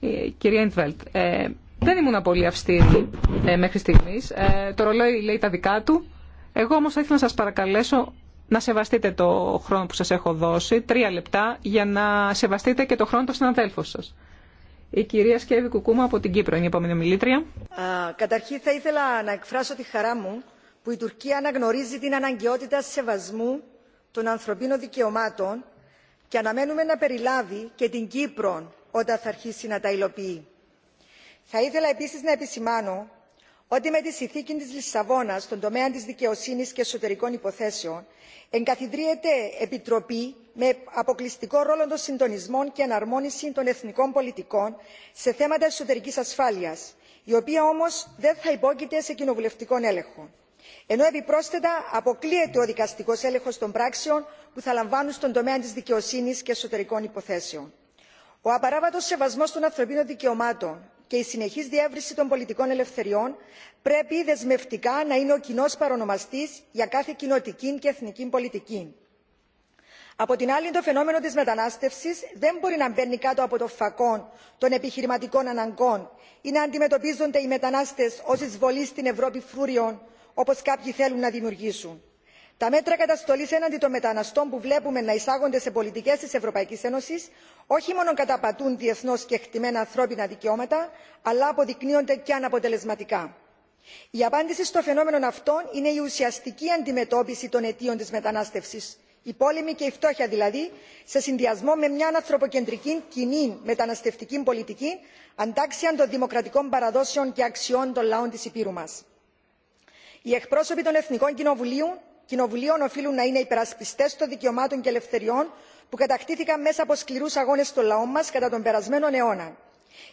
Ε, κυρία Ιντβέλτ, ε, δεν ήμουν πολύ αυστήρη ε, μέχρι στιγμής. Ε, το ρολόι λέει τα δικά του. Εγώ όμως θα ήθελα να σας παρακαλέσω να σεβαστείτε το χρόνο που σας έχω δώσει, τρία λεπτά, για να σεβαστείτε και το χρόνο των συναδέλφων σας. Η κυρία Σκέβη Κουκούμα από την Κύπρο είναι η επόμενη μιλήτρια.
καταρχήν θα ήθελα να εκφράσω τη χαρά μου που η Τουρκία αναγνωρίζει την αναγκαιότητα σεβασμού των ανθρωπίνων δικαιωμάτων και αναμένουμε να περιλάβει και την Κύπρο όταν θα αρχίσει να τα υλοποιεί. Θα ήθελα επίσης να επισημάνω ότι με τη συνθήκη της Λισαβόνας στον τομέα της δικαιοσύνης και εσωτερικών υποθέσεων εγκαθιδρύεται επιτροπή με αποκλειστικό ρόλο των συντονισμών και εναρμόνιση των εθνικών πολιτικών σε θέματα εσωτερικής ασφάλειας η οποία όμως δεν θα υπόκειται σε κοινοβουλευτικό έλεγχο ενώ επιπρόσθετα αποκλείεται ο δικαστικό έλεγχο των πράξεων που θα λαμβάνουν στον τομέα τη δικαιοσύνη και εσωτερικών υποθέσεων. ο απαράβατο σεβασμό των ανθρωπίνων δικαιωμάτων και η συνεχής διεύρυνση των πολιτικών ελευθεριών πρέπει δεσμευτικά να είναι ο κοινό παρονομαστή για κάθε κοινοτική και εθνική πολιτική. από την άλλη το φαινόμενο τη μετανάστευση δεν μπορεί να μπαίνει κάτω από το φακό των επιχειρηματικών αναγκών ή να αντιμετωπίζονται οι μετανάστε ω εισβολή στην ευρώπη φρούριων όπω κάποιοι θέλουν να δημιουργήσουν. τα μέτρα καταστολή έναντι των μεταναστών που βλέπουμε να εισάγονται σε πολιτικέ τη ευρωπαϊκή ένωση όχι μόνο καταπατούν διεθνώ κεκτημένα ανθρώπινα δικαιώματα αλλά αποδεικνύονται και αναποτελεσματικά. η απάντηση στο φαινόμενο αυτό είναι η ουσιαστική αντιμετώπιση των αιτίων τη μετανάστευση η πόλεμη και η φτώχεια δηλαδή σε συνδυασμό με μια ανθρωποκεντρική κοινή μεταναστευτική πολιτική αντάξια των δημοκρατικών παραδόσεων και αξιών των λαών τη υπήρου μα οι εκπρόσωποι των εθνικών κοινοβουλίων οφείλουν να είναι υπερασπιστέ των δικαιωμάτων και ελευθεριών που κατακτήθηκαν μέσα από σκληρού αγώνε των λαών μα κατά τον περασμένο αιώνα.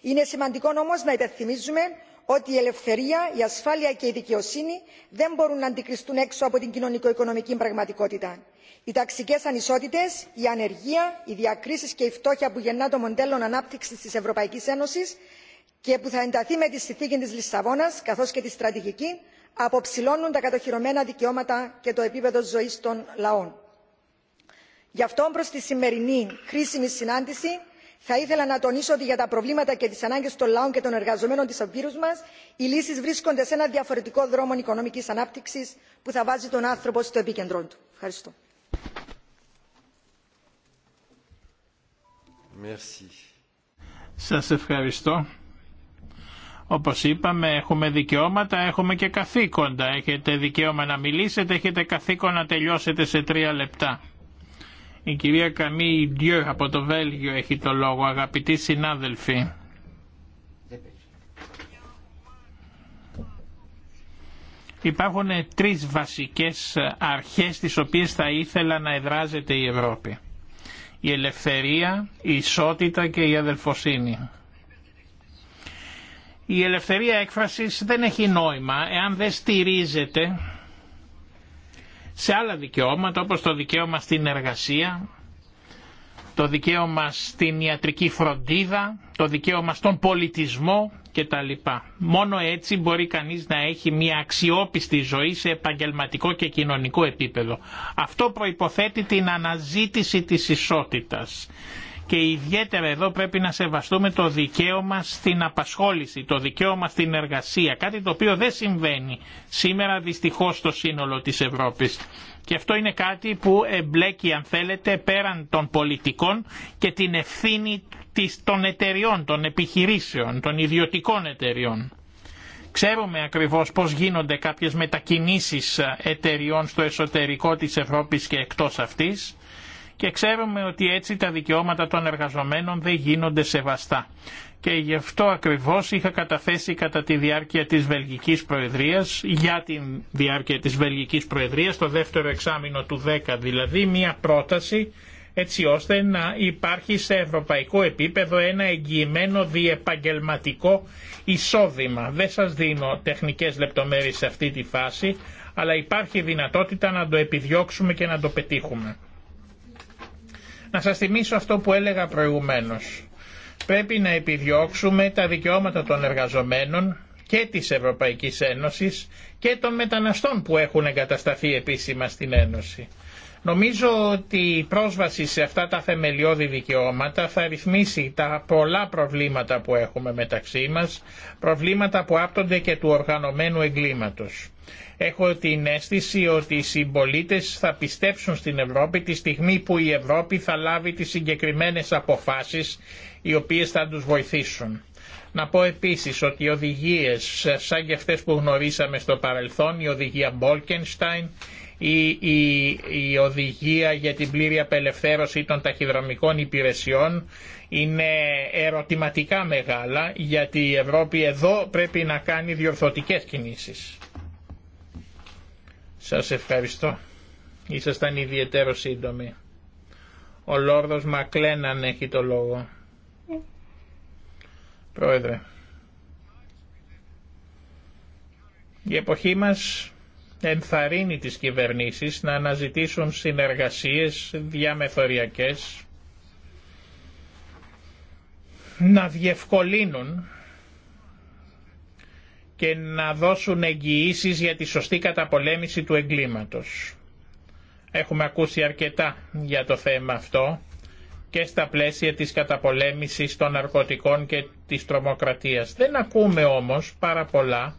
είναι σημαντικό όμω να υπενθυμίζουμε ότι η ελευθερία η ασφάλεια και η δικαιοσύνη δεν μπορούν να αντικριστούν έξω από την κοινωνικο οικονομική πραγματικότητα. οι ταξικέ ανισότητε η ανεργία οι διακρίσει και η φτώχεια που γεννά το μοντέλο ανάπτυξη τη ευρωπαϊκή ένωση και που θα ενταθεί με τη συνθήκη τη λισαβόνα καθώ και τη στρατηγική αποψηλώνουν τα κατοχυρωμένα δικαιώματα και το επίπεδο ζωής των λαών. γι' αυτό προς τη σημερινή χρήσιμη συνάντηση θα ήθελα να τονίσω ότι για τα προβλήματα και τις ανάγκες των λαών και των εργαζομένων της οπήρους μας οι λύσεις βρίσκονται σε ένα διαφορετικό δρόμο οικονομικής ανάπτυξης που θα βάζει τον άνθρωπο στο επίκεντρο του. ευχαριστώ.
Όπως είπαμε έχουμε δικαιώματα, έχουμε και καθήκοντα. Έχετε δικαίωμα να μιλήσετε, έχετε καθήκον να τελειώσετε σε τρία λεπτά. Η κυρία Καμί Ιντιού από το Βέλγιο έχει το λόγο, αγαπητοί συνάδελφοι. Υπάρχουν τρεις βασικές αρχές τις οποίες θα ήθελα να εδράζεται η Ευρώπη. Η ελευθερία, η ισότητα και η αδελφοσύνη. Η ελευθερία έκφρασης δεν έχει νόημα εάν δεν στηρίζεται σε άλλα δικαιώματα όπως το δικαίωμα στην εργασία, το δικαίωμα στην ιατρική φροντίδα, το δικαίωμα στον πολιτισμό κτλ. Μόνο έτσι μπορεί κανείς να έχει μια αξιόπιστη ζωή σε επαγγελματικό και κοινωνικό επίπεδο. Αυτό προϋποθέτει την αναζήτηση της ισότητας και ιδιαίτερα εδώ πρέπει να σεβαστούμε το δικαίωμα στην απασχόληση, το δικαίωμα στην εργασία, κάτι το οποίο δεν συμβαίνει σήμερα δυστυχώς στο σύνολο της Ευρώπης. Και αυτό είναι κάτι που εμπλέκει αν θέλετε πέραν των πολιτικών και την ευθύνη των εταιριών, των επιχειρήσεων, των ιδιωτικών εταιριών. Ξέρουμε ακριβώς πώς γίνονται κάποιες μετακινήσεις εταιριών στο εσωτερικό της Ευρώπης και εκτός αυτής και ξέρουμε ότι έτσι τα δικαιώματα των εργαζομένων δεν γίνονται σεβαστά. Και γι' αυτό ακριβώς είχα καταθέσει κατά τη διάρκεια της Βελγικής Προεδρίας, για τη διάρκεια της Βελγικής Προεδρίας, το δεύτερο εξάμεινο του 10 δηλαδή, μία πρόταση έτσι ώστε να υπάρχει σε ευρωπαϊκό επίπεδο ένα εγγυημένο διεπαγγελματικό εισόδημα. Δεν σας δίνω τεχνικές λεπτομέρειες σε αυτή τη φάση, αλλά υπάρχει δυνατότητα να το επιδιώξουμε και να το πετύχουμε. Να σας θυμίσω αυτό που έλεγα προηγουμένως. Πρέπει να επιδιώξουμε τα δικαιώματα των εργαζομένων και της Ευρωπαϊκής Ένωσης και των μεταναστών που έχουν εγκατασταθεί επίσημα στην Ένωση. Νομίζω ότι η πρόσβαση σε αυτά τα θεμελιώδη δικαιώματα θα ρυθμίσει τα πολλά προβλήματα που έχουμε μεταξύ μας, προβλήματα που άπτονται και του οργανωμένου εγκλήματος. Έχω την αίσθηση ότι οι συμπολίτε θα πιστέψουν στην Ευρώπη τη στιγμή που η Ευρώπη θα λάβει τις συγκεκριμένες αποφάσεις οι οποίες θα τους βοηθήσουν. Να πω επίσης ότι οι οδηγίες σαν και αυτές που γνωρίσαμε στο παρελθόν, η οδηγία Μπολκενστάιν ή η, η, η οδηγία για την πλήρη απελευθέρωση των ταχυδρομικών υπηρεσιών είναι ερωτηματικά μεγάλα γιατί η Ευρώπη εδώ πρέπει να κάνει διορθωτικές κινήσεις. Σας ευχαριστώ. Ήσασταν ιδιαίτερο σύντομοι. Ο Λόρδος Μακλέναν έχει το λόγο. Πρόεδρε. Η εποχή μας ενθαρρύνει τις κυβερνήσεις να αναζητήσουν συνεργασίες διαμεθοριακές, να διευκολύνουν και να δώσουν εγγυήσει για τη σωστή καταπολέμηση του εγκλήματος. Έχουμε ακούσει αρκετά για το θέμα αυτό και στα πλαίσια της καταπολέμησης των ναρκωτικών και της τρομοκρατίας. Δεν ακούμε όμως πάρα πολλά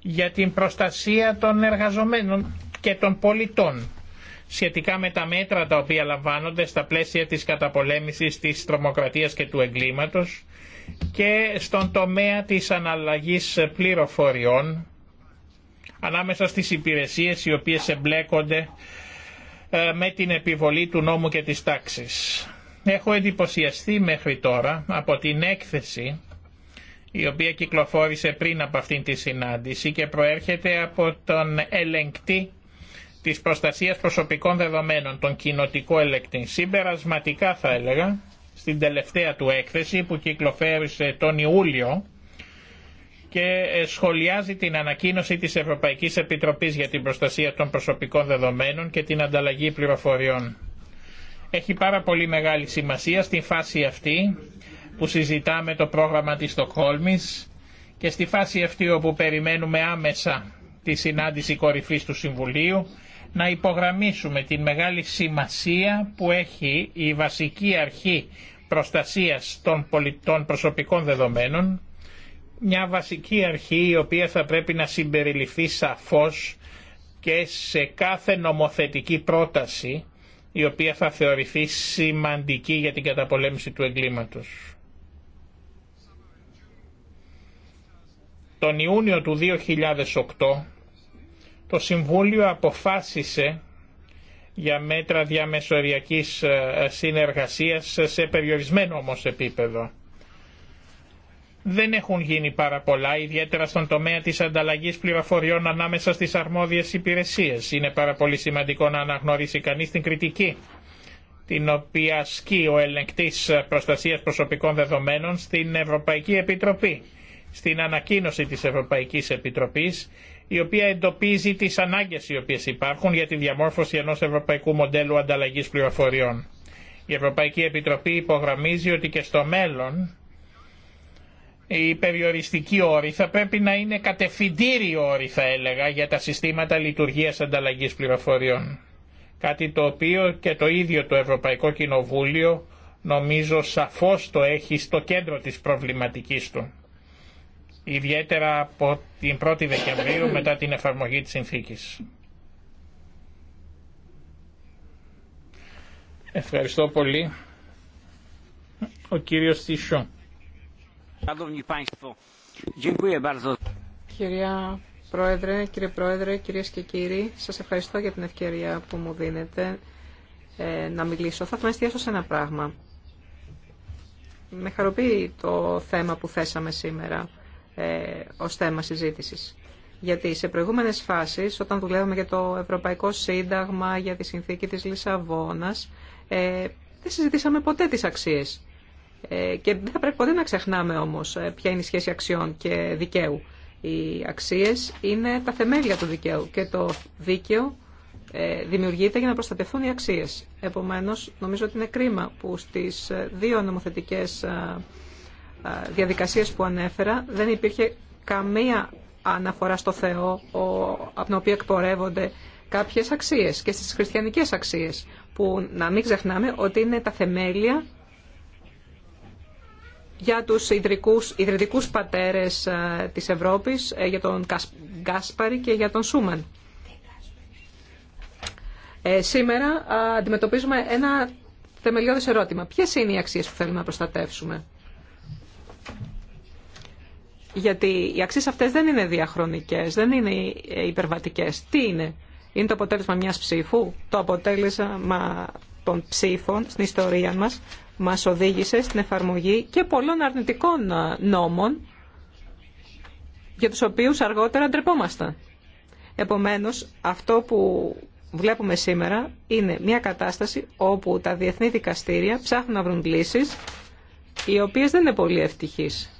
για την προστασία των εργαζομένων και των πολιτών σχετικά με τα μέτρα τα οποία λαμβάνονται στα πλαίσια της καταπολέμησης της τρομοκρατίας και του εγκλήματος και στον τομέα της αναλλαγής πληροφοριών ανάμεσα στις υπηρεσίες οι οποίες εμπλέκονται ε, με την επιβολή του νόμου και της τάξης. Έχω εντυπωσιαστεί μέχρι τώρα από την έκθεση η οποία κυκλοφόρησε πριν από αυτήν τη συνάντηση και προέρχεται από τον ελεγκτή της προστασίας προσωπικών δεδομένων, τον κοινοτικό ελεγκτή. Συμπερασματικά θα έλεγα στην τελευταία του έκθεση που κυκλοφέρισε τον Ιούλιο και ε, σχολιάζει την ανακοίνωση της Ευρωπαϊκής Επιτροπής για την προστασία των προσωπικών δεδομένων και την ανταλλαγή πληροφοριών. Έχει πάρα πολύ μεγάλη σημασία στη φάση αυτή που συζητάμε το πρόγραμμα της Στοκχόλμης και στη φάση αυτή όπου περιμένουμε άμεσα τη συνάντηση κορυφής του Συμβουλίου να υπογραμμίσουμε την μεγάλη σημασία που έχει η βασική αρχή προστασίας των πολιτών προσωπικών δεδομένων, μια βασική αρχή η οποία θα πρέπει να συμπεριληφθεί σαφώς και σε κάθε νομοθετική πρόταση η οποία θα θεωρηθεί σημαντική για την καταπολέμηση του εγκλήματος. Τον Ιούνιο του 2008 το Συμβούλιο αποφάσισε για μέτρα διαμεσοριακής ε, συνεργασίας σε περιορισμένο όμως επίπεδο. Δεν έχουν γίνει πάρα πολλά, ιδιαίτερα στον τομέα της ανταλλαγής πληροφοριών ανάμεσα στις αρμόδιες υπηρεσίες. Είναι πάρα πολύ σημαντικό να αναγνωρίσει κανείς την κριτική την οποία ασκεί ο ελεγκτής προστασίας προσωπικών δεδομένων στην Ευρωπαϊκή Επιτροπή. Στην ανακοίνωση της Ευρωπαϊκής Επιτροπής η οποία εντοπίζει τις ανάγκες οι οποίες υπάρχουν για τη διαμόρφωση ενός ευρωπαϊκού μοντέλου ανταλλαγής πληροφοριών. Η Ευρωπαϊκή Επιτροπή υπογραμμίζει ότι και στο μέλλον οι περιοριστικοί όροι θα πρέπει να είναι κατευθυντήριοι όροι θα έλεγα για τα συστήματα λειτουργίας ανταλλαγής πληροφοριών. Κάτι το οποίο και το ίδιο το Ευρωπαϊκό Κοινοβούλιο νομίζω σαφώς το έχει στο κέντρο της προβληματικής του ιδιαίτερα από την 1η Δεκεμβρίου μετά την εφαρμογή της συνθήκης. Ευχαριστώ πολύ. Ο κύριος Τίσιο.
Κυρία Πρόεδρε, κύριε Πρόεδρε, κυρίες και κύριοι, σας ευχαριστώ για την ευκαιρία που μου δίνετε ε, να μιλήσω. Θα ήθελα να εστιάσω σε ένα πράγμα. Με χαροποιεί το θέμα που θέσαμε σήμερα ε, ως θέμα συζήτησης. Γιατί σε προηγούμενες φάσεις, όταν δουλεύαμε για το Ευρωπαϊκό Σύνταγμα, για τη συνθήκη της Λισαβόνας, ε, δεν συζητήσαμε ποτέ τις αξίες. Ε, και δεν θα πρέπει ποτέ να ξεχνάμε όμως ε, ποια είναι η σχέση αξιών και δικαίου. Οι αξίες είναι τα θεμέλια του δικαίου και το δίκαιο ε, δημιουργείται για να προστατευτούν οι αξίες. Επομένως, νομίζω ότι είναι κρίμα που στις δύο νομοθετικές διαδικασίες που ανέφερα δεν υπήρχε καμία αναφορά στο Θεό από την οποία εκπορεύονται κάποιες αξίες και στις χριστιανικές αξίες που να μην ξεχνάμε ότι είναι τα θεμέλια για τους ιδρικούς, ιδρυτικούς πατέρες της Ευρώπης, ε, για τον Γκάσπαρη και για τον Σούμαν. Ε, σήμερα αντιμετωπίζουμε ένα θεμελιώδες ερώτημα. Ποιες είναι οι αξίες που θέλουμε να προστατεύσουμε. Γιατί οι αξίε αυτές δεν είναι διαχρονικές, δεν είναι υπερβατικές. Τι είναι, είναι το αποτέλεσμα μιας ψήφου, το αποτέλεσμα των ψήφων στην ιστορία μα, μας οδήγησε στην εφαρμογή και πολλών αρνητικών νόμων για τους οποίους αργότερα ντρεπόμασταν. Επομένως, αυτό που βλέπουμε σήμερα είναι μια κατάσταση όπου τα διεθνή δικαστήρια ψάχνουν να βρουν λύσεις οι οποίες δεν είναι πολύ ευτυχείς.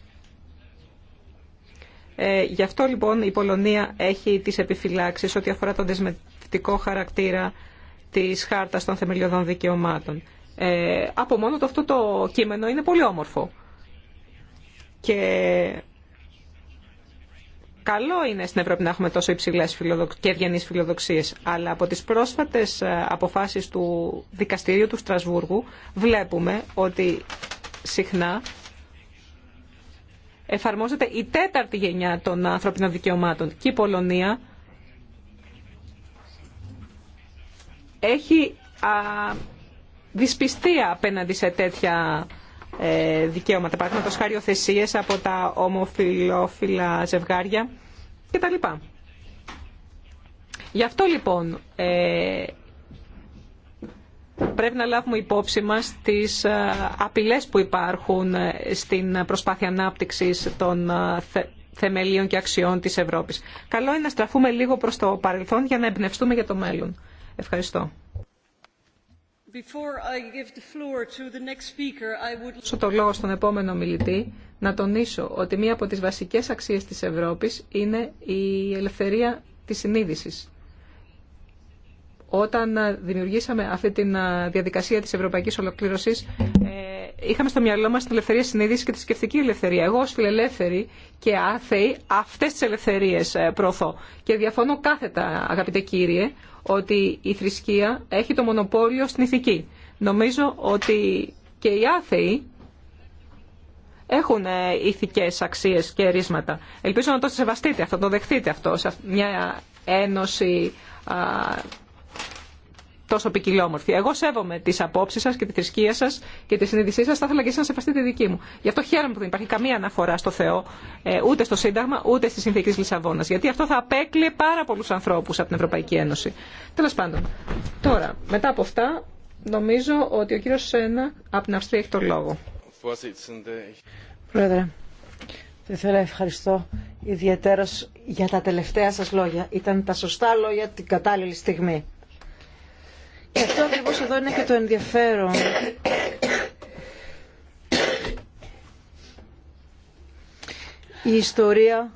Ε, γι' αυτό λοιπόν η Πολωνία έχει τις επιφυλάξεις ό,τι αφορά τον δεσμευτικό χαρακτήρα της χάρτας των θεμελιωδών δικαιωμάτων. Ε, από μόνο το αυτό το κείμενο είναι πολύ όμορφο. Και καλό είναι στην Ευρώπη να έχουμε τόσο υψηλέ και ευγενεί φιλοδοξίε. Αλλά από τι πρόσφατε αποφάσει του Δικαστηρίου του Στρασβούργου βλέπουμε ότι συχνά εφαρμόζεται η τέταρτη γενιά των ανθρωπίνων δικαιωμάτων και η Πολωνία έχει δυσπιστία απέναντι σε τέτοια ε, δικαιώματα. Παραδείγματος χάρη από τα ομοφιλόφιλα ζευγάρια κτλ. Γι' αυτό λοιπόν ε, πρέπει να λάβουμε υπόψη μας τις ε, απειλές που υπάρχουν ε, στην προσπάθεια ανάπτυξης των ε, θεμελίων και αξιών της Ευρώπης. Καλό είναι να στραφούμε λίγο προς το παρελθόν για να εμπνευστούμε για το μέλλον. Ευχαριστώ. Σω το λόγο στον επόμενο μιλητή να τονίσω ότι μία από τις βασικές αξίες της Ευρώπης είναι η ελευθερία της συνείδησης. Όταν δημιουργήσαμε αυτή τη διαδικασία της ευρωπαϊκής ολοκλήρωσης, ε, είχαμε στο μυαλό μας την ελευθερία συνείδησης και τη σκεφτική ελευθερία. Εγώ ως φιλελεύθερη και άθεη αυτές τις ελευθερίες ε, προωθώ. Και διαφωνώ κάθετα, αγαπητέ κύριε, ότι η θρησκεία έχει το μονοπόλιο στην ηθική. Νομίζω ότι και οι άθεοι έχουν ε, ηθικές αξίες και ρίσματα. Ελπίζω να το σεβαστείτε αυτό, το δεχτείτε αυτό σε μια ένωση τόσο ποικιλόμορφη. Εγώ σέβομαι τι απόψει σα και τη θρησκεία σα και τη συνείδησή σα. Θα ήθελα και εσεί να σεβαστείτε τη δική μου. Γι' αυτό χαίρομαι που δεν υπάρχει καμία αναφορά στο Θεό, ε, ούτε στο Σύνταγμα, ούτε στη συνθήκη τη Λισαβόνα. Γιατί αυτό θα απέκλειε πάρα πολλού ανθρώπου από την Ευρωπαϊκή Ένωση. Τέλο πάντων, τώρα, μετά από αυτά, νομίζω ότι ο κύριο Σένα
από την Αυστρία έχει τον λόγο. Πρόεδρε, θα ήθελα ευχαριστώ ιδιαίτερα για τα τελευταία σας λόγια. Ήταν τα σωστά λόγια την κατάλληλη στιγμή. Και αυτό ακριβώ εδώ είναι και το ενδιαφέρον. Η ιστορία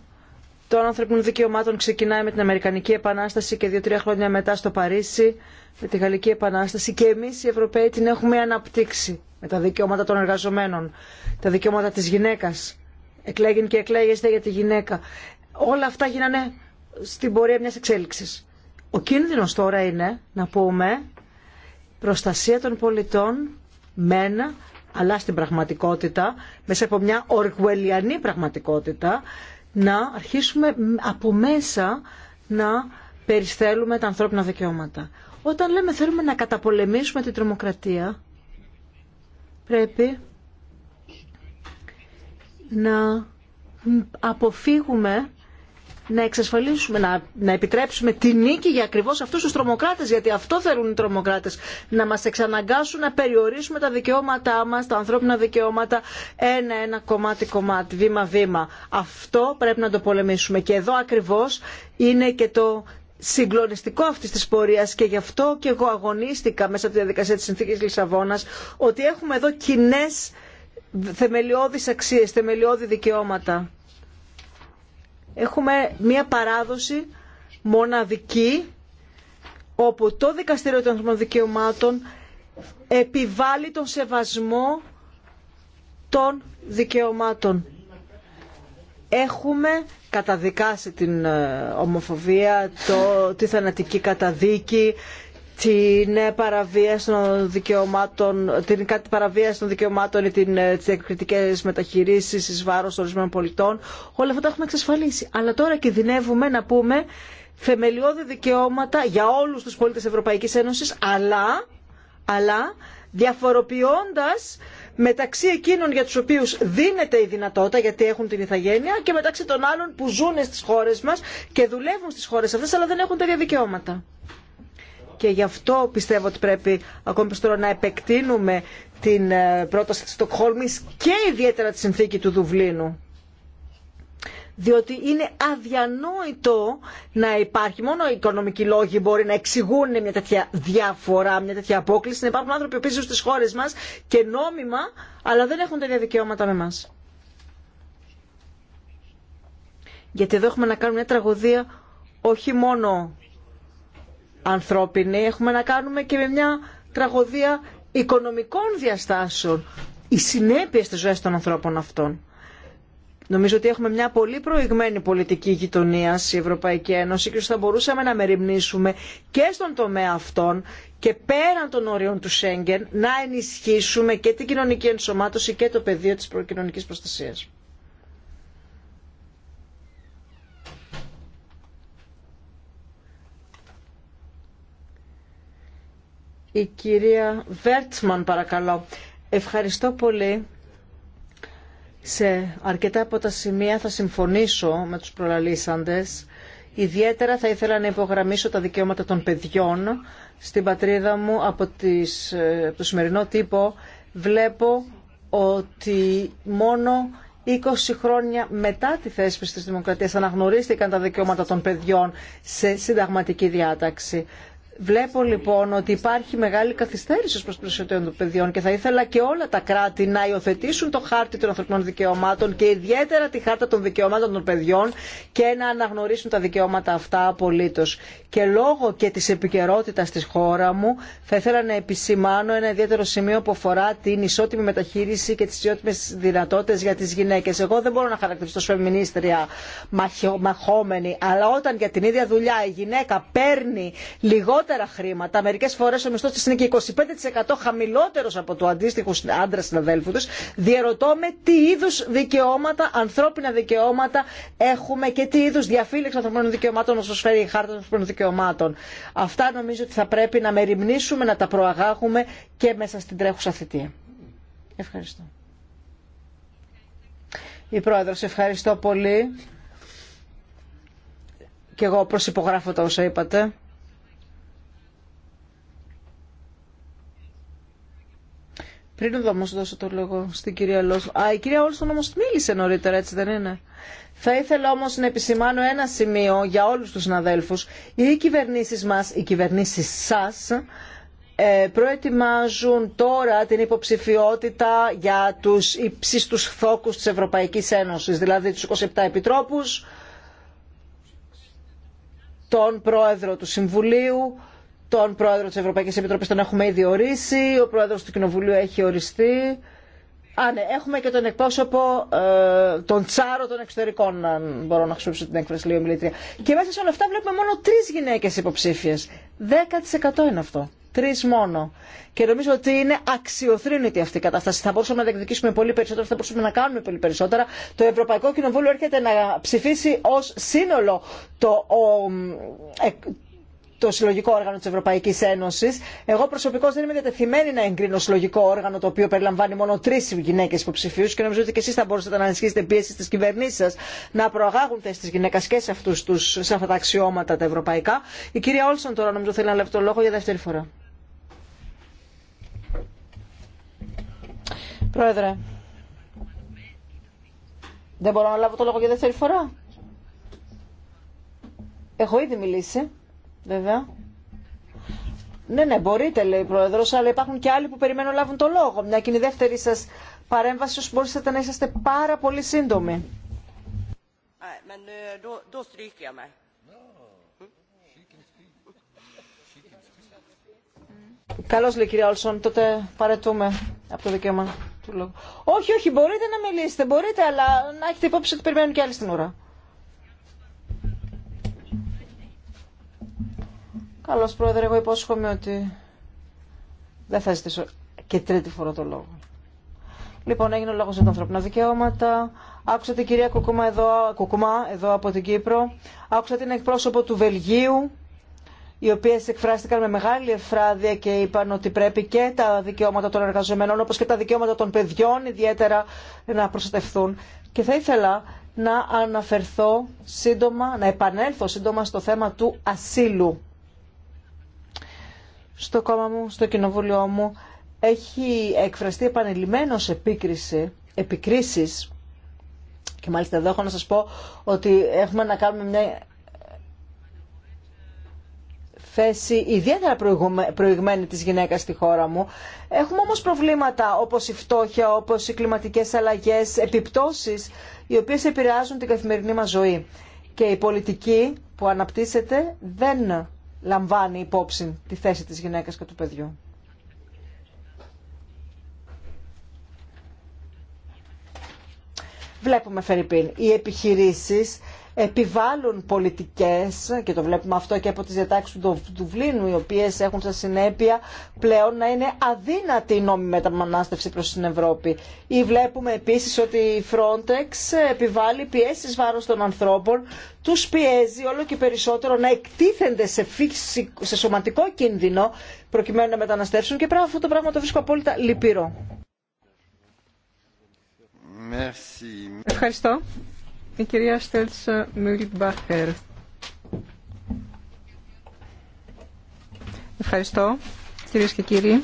των ανθρωπίνων δικαιωμάτων ξεκινάει με την Αμερικανική Επανάσταση και δύο-τρία χρόνια μετά στο Παρίσι με τη Γαλλική Επανάσταση και εμείς οι Ευρωπαίοι την έχουμε αναπτύξει με τα δικαιώματα των εργαζομένων, τα δικαιώματα της γυναίκας. Εκλέγην και εκλέγεστε για τη γυναίκα. Όλα αυτά γίνανε στην πορεία μιας εξέλιξης. Ο κίνδυνος τώρα είναι να πούμε προστασία των πολιτών μένα, αλλά στην πραγματικότητα, μέσα από μια οργουελιανή πραγματικότητα, να αρχίσουμε από μέσα να περιστέλουμε τα ανθρώπινα δικαιώματα. Όταν λέμε θέλουμε να καταπολεμήσουμε την τρομοκρατία, πρέπει να αποφύγουμε να εξασφαλίσουμε, να, να επιτρέψουμε τη νίκη για ακριβώς αυτούς τους τρομοκράτες, γιατί αυτό θέλουν οι τρομοκράτες, να μας εξαναγκάσουν να περιορίσουμε τα δικαιώματά μας, τα ανθρώπινα δικαιώματα, ένα-ένα κομμάτι-κομμάτι, βήμα-βήμα. Αυτό πρέπει να το πολεμήσουμε και εδώ ακριβώς είναι και το συγκλονιστικό αυτής της πορείας και γι' αυτό και εγώ αγωνίστηκα μέσα από τη διαδικασία της συνθήκης Λισαβόνας ότι έχουμε εδώ κοινέ θεμελιώδεις αξίες, θεμελιώδη δικαιώματα έχουμε μία παράδοση μοναδική όπου το Δικαστήριο των Ανθρωπίνων Δικαιωμάτων επιβάλλει τον σεβασμό των δικαιωμάτων. Έχουμε καταδικάσει την ε, ομοφοβία, το, τη θανατική καταδίκη, την παραβίαση των δικαιωμάτων, την παραβίαση των δικαιωμάτων ή την, ε, τις διακριτικές μεταχειρήσεις εις βάρος ορισμένων πολιτών. Όλα αυτά τα έχουμε εξασφαλίσει. Αλλά τώρα κινδυνεύουμε να πούμε θεμελιώδη δικαιώματα για όλους τους πολίτες Ευρωπαϊκής Ένωσης, αλλά, αλλά διαφοροποιώντας μεταξύ εκείνων για τους οποίους δίνεται η δυνατότητα γιατί έχουν την ηθαγένεια και μεταξύ των άλλων που ζουν στις χώρες μας και δουλεύουν στις χώρες αυτές αλλά δεν έχουν τέτοια δικαιώματα και γι' αυτό πιστεύω ότι πρέπει ακόμη περισσότερο να επεκτείνουμε την ε, πρόταση της Στοκχόλμης και ιδιαίτερα τη συνθήκη του Δουβλίνου. Διότι είναι αδιανόητο να υπάρχει, μόνο οι οικονομικοί λόγοι μπορεί να εξηγούν μια τέτοια διαφορά, μια τέτοια απόκληση, να υπάρχουν άνθρωποι που ζουν στις χώρες μας και νόμιμα, αλλά δεν έχουν τέτοια δικαιώματα με μας. Γιατί εδώ έχουμε να κάνουμε μια τραγωδία όχι μόνο ανθρώπινη. Έχουμε να κάνουμε και με μια τραγωδία οικονομικών διαστάσεων. Οι συνέπειες της ζωής των ανθρώπων αυτών. Νομίζω ότι έχουμε μια πολύ προηγμένη πολιτική γειτονία η Ευρωπαϊκή Ένωση και θα μπορούσαμε να μεριμνήσουμε και στον τομέα αυτών και πέραν των όριων του Σέγγεν να ενισχύσουμε και την κοινωνική ενσωμάτωση και το πεδίο της προκοινωνικής προστασίας. Η κυρία Βέρτσμαν παρακαλώ. Ευχαριστώ πολύ. Σε αρκετά από τα σημεία θα συμφωνήσω με τους προλαλήσαντες. Ιδιαίτερα θα ήθελα να υπογραμμίσω τα δικαιώματα των παιδιών. Στην πατρίδα μου από, τις, το σημερινό τύπο βλέπω ότι μόνο 20 χρόνια μετά τη θέσπιση της δημοκρατίας αναγνωρίστηκαν τα δικαιώματα των παιδιών σε συνταγματική διάταξη. Βλέπω λοιπόν ότι υπάρχει μεγάλη καθυστέρηση προ προστασία των παιδιών και θα ήθελα και όλα τα κράτη να υιοθετήσουν το χάρτη των ανθρωπίνων δικαιωμάτων και ιδιαίτερα τη χάρτα των δικαιωμάτων των παιδιών και να αναγνωρίσουν τα δικαιώματα αυτά απολύτω. Και λόγω και τη επικαιρότητα τη χώρα μου θα ήθελα να επισημάνω ένα ιδιαίτερο σημείο που αφορά την ισότιμη μεταχείριση και τι ισότιμε δυνατότητε για τι γυναίκε. Εγώ δεν μπορώ να χαρακτηριστώ ω φεμινίστρια μαχόμενη, αλλά όταν για την ίδια δουλειά η γυναίκα παίρνει λιγότερο λιγότερα χρήματα. Μερικέ φορέ ο μισθό τη είναι και 25% χαμηλότερο από του αντίστοιχου άντρα συναδέλφου του. Διαρωτώ με τι είδου δικαιώματα, ανθρώπινα δικαιώματα έχουμε και τι είδου διαφύλαξη ανθρωπίνων δικαιωμάτων μα προσφέρει η Χάρτα των Ανθρωπίνων Δικαιωμάτων. Αυτά νομίζω ότι θα πρέπει να μεριμνήσουμε, να τα προαγάγουμε και μέσα στην τρέχουσα θητεία. Ευχαριστώ. Η Πρόεδρος, ευχαριστώ πολύ. Και εγώ προσυπογράφω τα όσα είπατε. Πριν όμω δώσω το λόγο στην κυρία Λόσο, Α, η κυρία Όλσον όμω μίλησε νωρίτερα, έτσι δεν είναι. Θα ήθελα όμω να επισημάνω ένα σημείο για όλου του συναδέλφου. Οι κυβερνήσει μα, οι κυβερνήσει σα, ε, προετοιμάζουν τώρα την υποψηφιότητα για του υψίστους φόκου τη Ευρωπαϊκή Ένωση, δηλαδή του 27 επιτρόπου, τον πρόεδρο του Συμβουλίου, τον πρόεδρο της Ευρωπαϊκής Επιτροπής τον έχουμε ήδη ορίσει, ο πρόεδρος του Κοινοβουλίου έχει οριστεί. Α, ναι, έχουμε και τον εκπρόσωπο, ε, τον τσάρο των εξωτερικών, αν μπορώ να χρησιμοποιήσω την έκφραση λίγο μιλήτρια. Και μέσα σε όλα αυτά βλέπουμε μόνο τρει γυναίκε υποψήφιε. 10% είναι αυτό. Τρει μόνο. Και νομίζω ότι είναι αξιοθρύνητη αυτή η κατάσταση. Θα μπορούσαμε να διεκδικήσουμε πολύ περισσότερο, θα μπορούσαμε να κάνουμε πολύ περισσότερα. Το Ευρωπαϊκό Κοινοβούλιο έρχεται να ψηφίσει ω σύνολο το, ο, ε, το συλλογικό όργανο τη Ευρωπαϊκή Ένωση. Εγώ προσωπικώ δεν είμαι διατεθειμένη να εγκρίνω συλλογικό όργανο το οποίο περιλαμβάνει μόνο τρει γυναίκε υποψηφίου και νομίζω ότι και εσείς θα μπορούσατε να ενισχύσετε πίεση στις κυβερνήσεις σα να προαγάγουν θέσεις τη γυναίκα και σε, αυτούς τους, σε αυτά τα αξιώματα τα ευρωπαϊκά. Η κυρία Όλσον τώρα νομίζω θέλει να λάβει το λόγο για δεύτερη φορά. Πρόεδρε, δεν μπορώ να λάβω το λόγο για δεύτερη φορά. Έχω ήδη μιλήσει. Βέβαια. Ναι, ναι, μπορείτε, λέει η Πρόεδρο, αλλά υπάρχουν και άλλοι που περιμένουν να λάβουν το λόγο. Μια και η δεύτερη σα παρέμβαση, όσο μπορούσατε να είσαστε πάρα πολύ σύντομοι. Ε, Καλώ λέει η κυρία Όλσον, τότε παρετούμε από το δικαίωμα του λόγου. Όχι, όχι, μπορείτε να μιλήσετε, μπορείτε, αλλά να έχετε υπόψη ότι περιμένουν και άλλοι στην ώρα. Καλώς πρόεδρε, εγώ υπόσχομαι ότι δεν θα ζητήσω και τρίτη φορά το λόγο. Λοιπόν, έγινε ο λόγος για τα ανθρώπινα δικαιώματα. Άκουσα την κυρία Κουκουμά εδώ, Κουκουμά εδώ από την Κύπρο. Άκουσα την εκπρόσωπο του Βελγίου, οι οποίε εκφράστηκαν με μεγάλη εφράδια και είπαν ότι πρέπει και τα δικαιώματα των εργαζομένων, όπως και τα δικαιώματα των παιδιών ιδιαίτερα, να προστατευθούν. Και θα ήθελα να αναφερθώ σύντομα, να επανέλθω σύντομα στο θέμα του ασύλου στο κόμμα μου, στο κοινοβούλιο μου, έχει εκφραστεί επανειλημμένως επίκριση, επικρίσεις και μάλιστα εδώ έχω να σας πω ότι έχουμε να κάνουμε μια θέση ιδιαίτερα προηγμένη της γυναίκας στη χώρα μου. Έχουμε όμως προβλήματα όπως η φτώχεια, όπως οι κλιματικές αλλαγές, επιπτώσεις οι οποίες επηρεάζουν την καθημερινή μας ζωή. Και η πολιτική που αναπτύσσεται δεν λαμβάνει υπόψη τη θέση της γυναίκας και του παιδιού. Βλέπουμε, Φερρυπίν, οι επιχειρήσεις επιβάλλουν πολιτικές και το βλέπουμε αυτό και από τις διατάξει του Δουβλίνου οι οποίες έχουν σαν συνέπεια πλέον να είναι αδύνατη η νόμη μεταμονάστευση προς την Ευρώπη. Ή βλέπουμε επίσης ότι η Frontex επιβάλλει πιέσεις βάρος των ανθρώπων, τους πιέζει όλο και περισσότερο να εκτίθενται σε, φυσικό σε σωματικό κίνδυνο προκειμένου να μεταναστεύσουν και πράγμα, αυτό το πράγμα το βρίσκω απόλυτα λυπηρό. Ευχαριστώ. Η κυρία
Ευχαριστώ, κυρίες και κύριοι.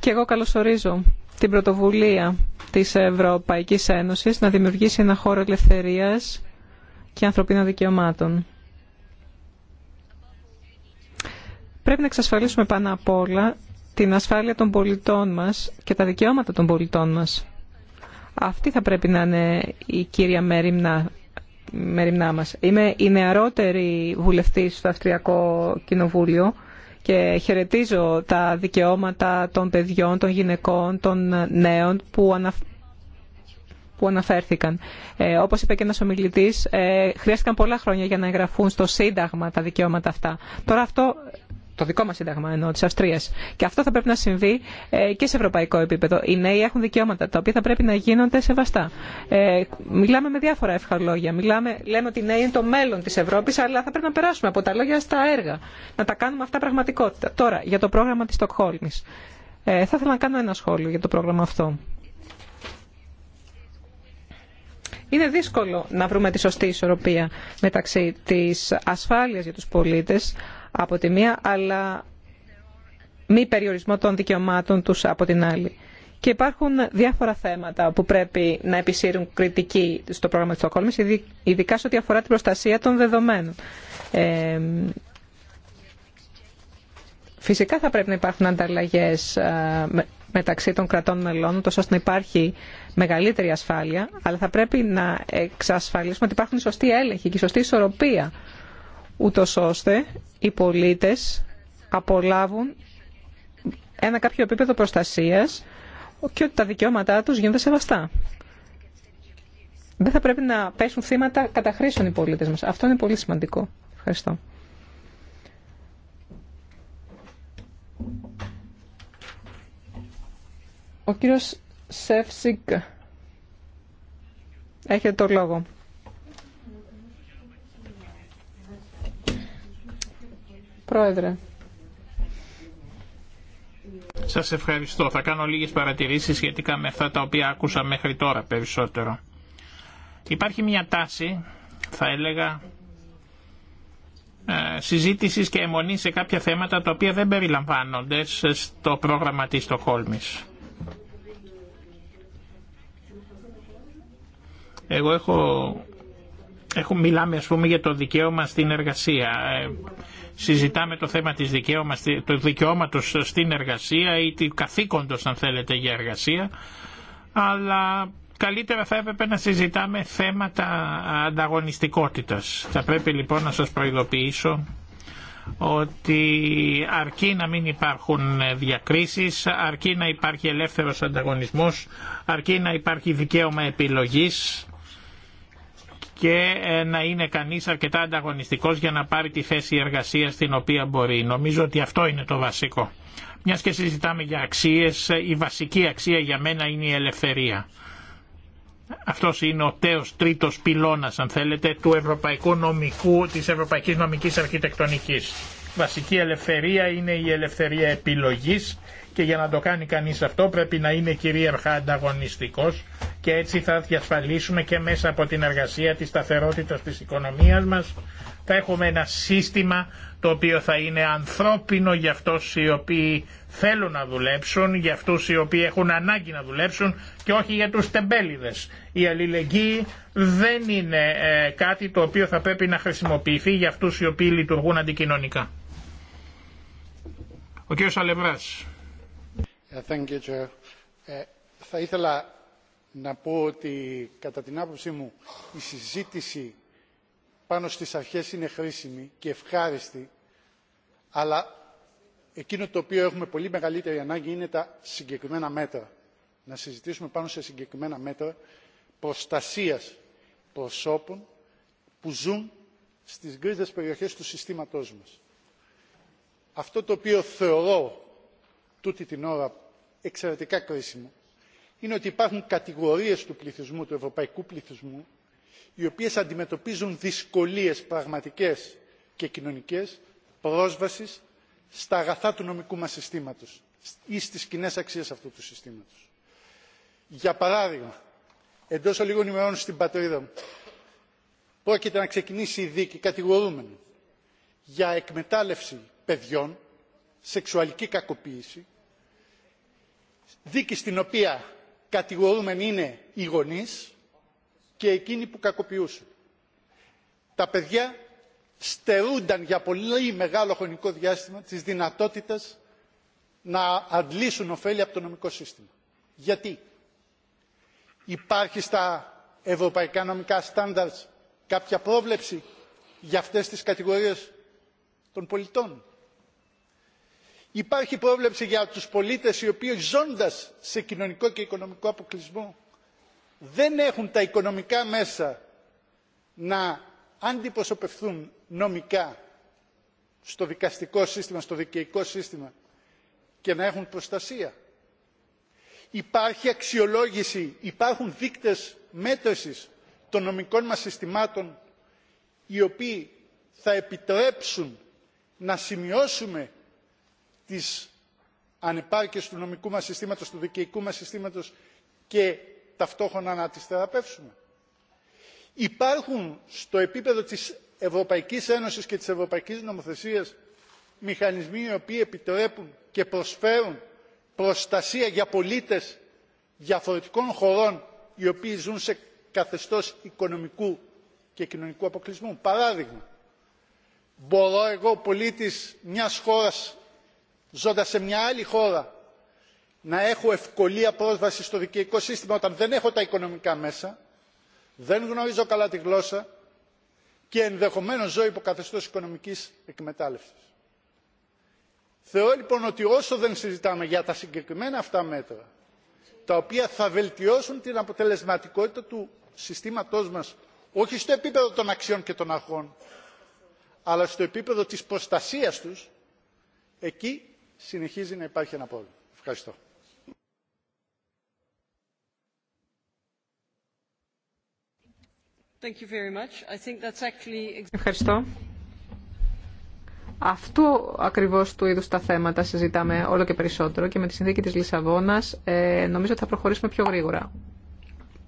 Και εγώ καλωσορίζω την πρωτοβουλία της Ευρωπαϊκής Ένωσης να δημιουργήσει ένα χώρο ελευθερίας και ανθρωπίνων δικαιωμάτων. Πρέπει να εξασφαλίσουμε πάνω απ' όλα την ασφάλεια των πολιτών μας και τα δικαιώματα των πολιτών μας. Αυτή θα πρέπει να είναι η κύρια μέρημνα, μεριμνά μας. Είμαι η νεαρότερη βουλευτή στο Αυστριακό Κοινοβούλιο και χαιρετίζω τα δικαιώματα των παιδιών, των γυναικών, των νέων που, που αναφέρθηκαν. Ε, όπως είπε και ένας ομιλητής, ε, χρειάστηκαν πολλά χρόνια για να εγγραφούν στο Σύνταγμα τα δικαιώματα αυτά. Τώρα αυτό το δικό μα Σύνταγμα εννοώ τη Αυστρία. Και αυτό θα πρέπει να συμβεί ε, και σε ευρωπαϊκό επίπεδο. Οι νέοι έχουν δικαιώματα τα οποία θα πρέπει να γίνονται σεβαστά. Ε, μιλάμε με διάφορα ευχαλόγια. Μιλάμε, λέμε ότι οι νέοι είναι το μέλλον τη Ευρώπη, αλλά θα πρέπει να περάσουμε από τα λόγια στα έργα. Να τα κάνουμε αυτά πραγματικότητα. Τώρα, για το πρόγραμμα τη Στοκχόλμη. Ε, θα ήθελα να κάνω ένα σχόλιο για το πρόγραμμα αυτό. Είναι δύσκολο να βρούμε τη σωστή ισορροπία μεταξύ της ασφάλειας για τους πολίτες, από τη μία, αλλά μη περιορισμό των δικαιωμάτων τους από την άλλη. Και υπάρχουν διάφορα θέματα που πρέπει να επισύρουν κριτική στο πρόγραμμα της Στοκόλμης, ειδικά σε ό,τι αφορά την προστασία των δεδομένων. φυσικά θα πρέπει να υπάρχουν ανταλλαγές μεταξύ των κρατών μελών, τόσο ώστε να υπάρχει μεγαλύτερη ασφάλεια, αλλά θα πρέπει να εξασφαλίσουμε ότι υπάρχουν σωστοί έλεγχοι και σωστή ισορροπία ούτως ώστε οι πολίτες απολάβουν ένα κάποιο επίπεδο προστασίας και ότι τα δικαιώματά τους γίνονται σεβαστά. Δεν θα πρέπει να πέσουν θύματα χρήσεων οι πολίτες μας. Αυτό είναι πολύ σημαντικό. Ευχαριστώ. Ο κύριος Σεφσικ έχετε το λόγο.
Σας ευχαριστώ. Θα κάνω λίγες παρατηρήσεις σχετικά με αυτά τα οποία άκουσα μέχρι τώρα περισσότερο. Υπάρχει μια τάση, θα έλεγα, ε, συζήτησης και αιμονή σε κάποια θέματα τα οποία δεν περιλαμβάνονται στο πρόγραμμα της Στοχόλμης. Εγώ έχω, έχω μιλάμε ας πούμε για το δικαίωμα στην εργασία ε, συζητάμε το θέμα της δικαίωμα, του δικαιώματος στην εργασία ή του καθήκοντος αν θέλετε για εργασία αλλά καλύτερα θα έπρεπε να συζητάμε θέματα ανταγωνιστικότητας. Θα πρέπει λοιπόν να σας προειδοποιήσω ότι αρκεί να μην υπάρχουν διακρίσεις, αρκεί να υπάρχει ελεύθερος ανταγωνισμός, αρκεί να υπάρχει δικαίωμα επιλογής και ε, να είναι κανείς αρκετά ανταγωνιστικός για να πάρει τη θέση εργασία την οποία μπορεί. Νομίζω ότι αυτό είναι το βασικό. Μιας και συζητάμε για αξίες, ε, η βασική αξία για μένα είναι η ελευθερία. Αυτός είναι ο τέος τρίτος πυλώνας, αν θέλετε, του ευρωπαϊκού νομικού, της ευρωπαϊκής νομικής αρχιτεκτονικής. Βασική ελευθερία είναι η ελευθερία επιλογής και για να το κάνει κανείς αυτό πρέπει να είναι κυρίαρχα ανταγωνιστικός και έτσι θα διασφαλίσουμε και μέσα από την εργασία της σταθερότητας της οικονομίας μας θα έχουμε ένα σύστημα το οποίο θα είναι ανθρώπινο για αυτούς οι οποίοι θέλουν να δουλέψουν, για αυτούς οι οποίοι έχουν ανάγκη να δουλέψουν και όχι για τους τεμπέληδες. Η αλληλεγγύη δεν είναι ε, κάτι το οποίο θα πρέπει να χρησιμοποιηθεί για αυτούς οι οποίοι λειτουργούν αντικοινωνικά. Ο κ. Αλευράς.
Ε, ε, θα ήθελα να πω ότι κατά την άποψή μου η συζήτηση πάνω στις αρχές είναι χρήσιμη και ευχάριστη αλλά εκείνο το οποίο έχουμε πολύ μεγαλύτερη ανάγκη είναι τα συγκεκριμένα μέτρα. Να συζητήσουμε πάνω σε συγκεκριμένα μέτρα προστασίας προσώπων που ζουν στις γκρίζες περιοχές του συστήματός μας. Αυτό το οποίο θεωρώ τούτη την ώρα εξαιρετικά κρίσιμο είναι ότι υπάρχουν κατηγορίες του πληθυσμού του ευρωπαϊκού πληθυσμού οι οποίες αντιμετωπίζουν δυσκολίες πραγματικές και κοινωνικές πρόσβασης στα αγαθά του νομικού μας συστήματος ή στις κοινέ αξίες αυτού του συστήματος. Για παράδειγμα, εντός λίγων ημερών στην πατρίδα μου πρόκειται να ξεκινήσει η δίκη κατηγορούμενου για εκμετάλλευση παιδιών, ξεκινησει η δικη κατηγορουμενων για κακοποίηση δίκη στην οποία κατηγορούμενοι είναι οι γονείς και εκείνοι που κακοποιούσαν. Τα παιδιά στερούνταν για πολύ μεγάλο χρονικό διάστημα της δυνατότητας να αντλήσουν ωφέλη από το νομικό σύστημα. Γιατί υπάρχει στα ευρωπαϊκά νομικά στάνταρτς κάποια πρόβλεψη για αυτές τις κατηγορίες των πολιτών υπάρχει πρόβλεψη για τους πολίτες οι οποίοι ζώντας σε κοινωνικό και οικονομικό αποκλεισμό δεν έχουν τα οικονομικά μέσα να αντιπροσωπευθούν νομικά στο δικαστικό σύστημα, στο δικαιικό σύστημα και να έχουν προστασία. Υπάρχει αξιολόγηση, υπάρχουν δείκτες μέτρησης των νομικών μας συστημάτων οι οποίοι θα επιτρέψουν να σημειώσουμε τις ανεπάρκειες του νομικού μας συστήματος, του δικαιικού μας συστήματος και ταυτόχρονα να τις θεραπεύσουμε. Υπάρχουν στο επίπεδο της Ευρωπαϊκής Ένωσης και της Ευρωπαϊκής Νομοθεσίας μηχανισμοί οι οποίοι επιτρέπουν και προσφέρουν προστασία για πολίτες διαφορετικών χωρών οι οποίοι ζουν σε καθεστώς οικονομικού και κοινωνικού αποκλεισμού. Παράδειγμα, μπορώ εγώ πολίτης μιας χώρας ζώντας σε μια άλλη χώρα να έχω ευκολία πρόσβαση στο δικαιωτικό σύστημα όταν δεν έχω τα οικονομικά μέσα δεν γνωρίζω καλά τη γλώσσα και ενδεχομένως ζω υπό καθεστώς οικονομικής εκμετάλλευσης. θεωρώ λοιπόν ότι όσο δεν συζητάμε για τα συγκεκριμένα αυτά μέτρα τα οποία θα βελτιώσουν την αποτελεσματικότητα του συστήματός μας όχι στο επίπεδο των αξιών και των αρχών αλλά στο επίπεδο της προστασίας τους εκεί συνεχίζει να υπάρχει ένα Ευχαριστώ.
Thank you Ευχαριστώ. Αυτό ακριβώς του είδους τα θέματα συζητάμε όλο και περισσότερο και με τη συνθήκη της Λισαβόνας ε, νομίζω ότι θα προχωρήσουμε πιο γρήγορα.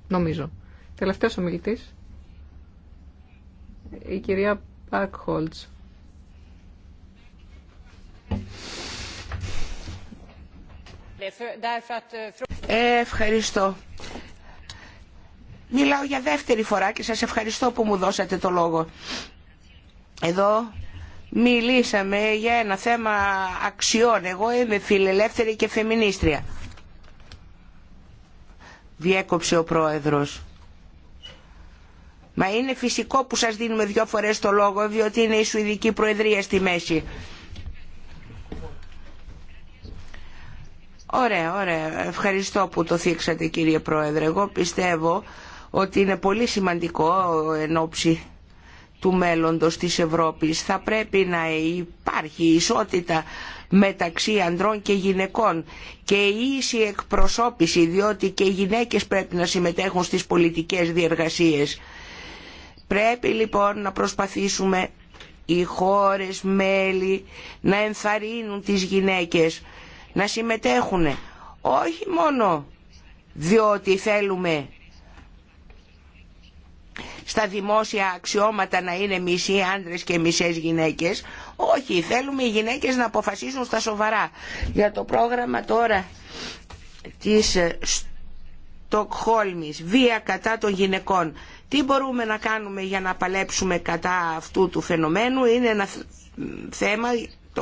Νομίζω. Τελευταίος ομιλητής, η κυρία Πάρκχολτς.
Ευχαριστώ. Μιλάω για δεύτερη φορά και σας ευχαριστώ που μου δώσατε το λόγο. Εδώ μιλήσαμε για ένα θέμα αξιών. Εγώ είμαι φιλελεύθερη και φεμινίστρια. Διέκοψε ο πρόεδρος. Μα είναι φυσικό που σας δίνουμε δυο φορές το λόγο, διότι είναι η Σουηδική Προεδρία στη μέση. Ωραία, ωραία. Ευχαριστώ που το θίξατε κύριε Πρόεδρε. Εγώ πιστεύω ότι είναι πολύ σημαντικό εν ώψη του μέλλοντος της Ευρώπης. Θα πρέπει να υπάρχει ισότητα μεταξύ ανδρών και γυναικών και ίση εκπροσώπηση διότι και οι γυναίκες πρέπει να συμμετέχουν στις πολιτικές διεργασίες. Πρέπει λοιπόν να προσπαθήσουμε οι χώρες μέλη να ενθαρρύνουν τις γυναίκες να συμμετέχουν όχι μόνο διότι θέλουμε στα δημόσια αξιώματα να είναι μισοί άντρες και μισές γυναίκες. Όχι, θέλουμε οι γυναίκες να αποφασίσουν στα σοβαρά. Για το πρόγραμμα τώρα της ε, Στοκχόλμης, βία κατά των γυναικών. Τι μπορούμε να κάνουμε για να παλέψουμε κατά αυτού του φαινομένου είναι ένα θέμα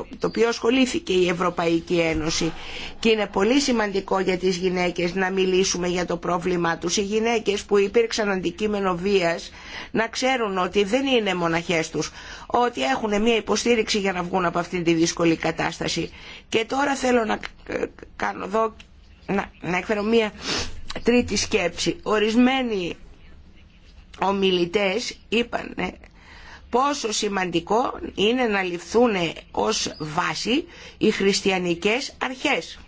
το, οποίο ασχολήθηκε η Ευρωπαϊκή Ένωση και είναι πολύ σημαντικό για τις γυναίκες να μιλήσουμε για το πρόβλημά τους. Οι γυναίκες που υπήρξαν αντικείμενο βίας να ξέρουν ότι δεν είναι μοναχές τους, ότι έχουν μια υποστήριξη για να βγουν από αυτή τη δύσκολη κατάσταση. Και τώρα θέλω να, κάνω εδώ, να, εκφέρω μια τρίτη σκέψη. Ορισμένοι ομιλητές είπαν πόσο σημαντικό είναι να ληφθούν ως βάση οι χριστιανικές αρχές.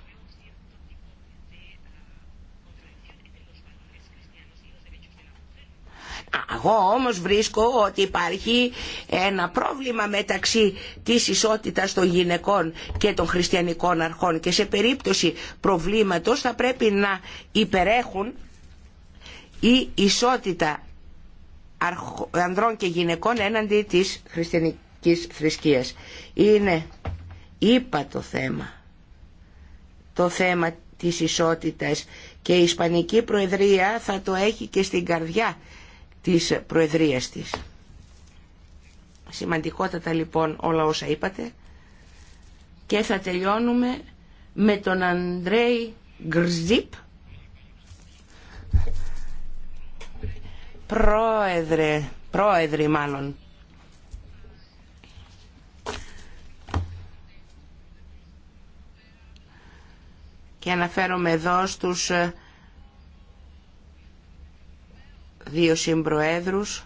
Εγώ όμως βρίσκω ότι υπάρχει ένα πρόβλημα μεταξύ της ισότητας των γυναικών και των χριστιανικών αρχών και σε περίπτωση προβλήματος θα πρέπει να υπερέχουν η ισότητα ανδρών και γυναικών έναντι της χριστιανικής θρησκείας. Είναι είπα το θέμα, το θέμα της ισότητας και η Ισπανική Προεδρία θα το έχει και στην καρδιά της Προεδρίας της. Σημαντικότατα λοιπόν όλα όσα είπατε και θα τελειώνουμε με τον Αντρέη Γκρζίπ πρόεδρε, πρόεδροι μάλλον. Και αναφέρομαι εδώ στους ε, δύο συμπροέδρους.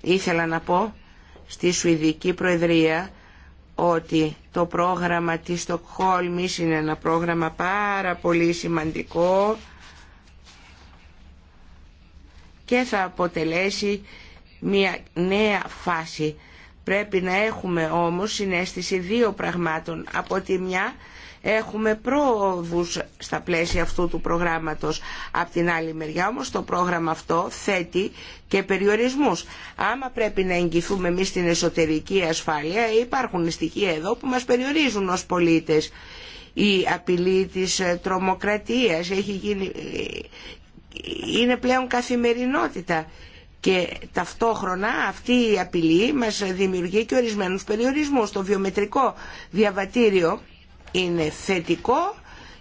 Ήθελα να πω στη Σουηδική Προεδρία ότι το πρόγραμμα της Στοκχόλμης είναι ένα πρόγραμμα πάρα πολύ σημαντικό και θα αποτελέσει μια νέα φάση. Πρέπει να έχουμε όμως συνέστηση δύο πραγμάτων. Από τη μια έχουμε πρόοδους στα πλαίσια αυτού του προγράμματος. Απ' την άλλη μεριά όμως το πρόγραμμα αυτό θέτει και περιορισμούς. Άμα πρέπει να εγγυθούμε εμείς την εσωτερική ασφάλεια υπάρχουν στοιχεία εδώ που μας περιορίζουν ως πολίτες. Η απειλή της τρομοκρατίας έχει γίνει, είναι πλέον καθημερινότητα και ταυτόχρονα αυτή η απειλή μας δημιουργεί και ορισμένους περιορισμούς. Το βιομετρικό διαβατήριο είναι θετικό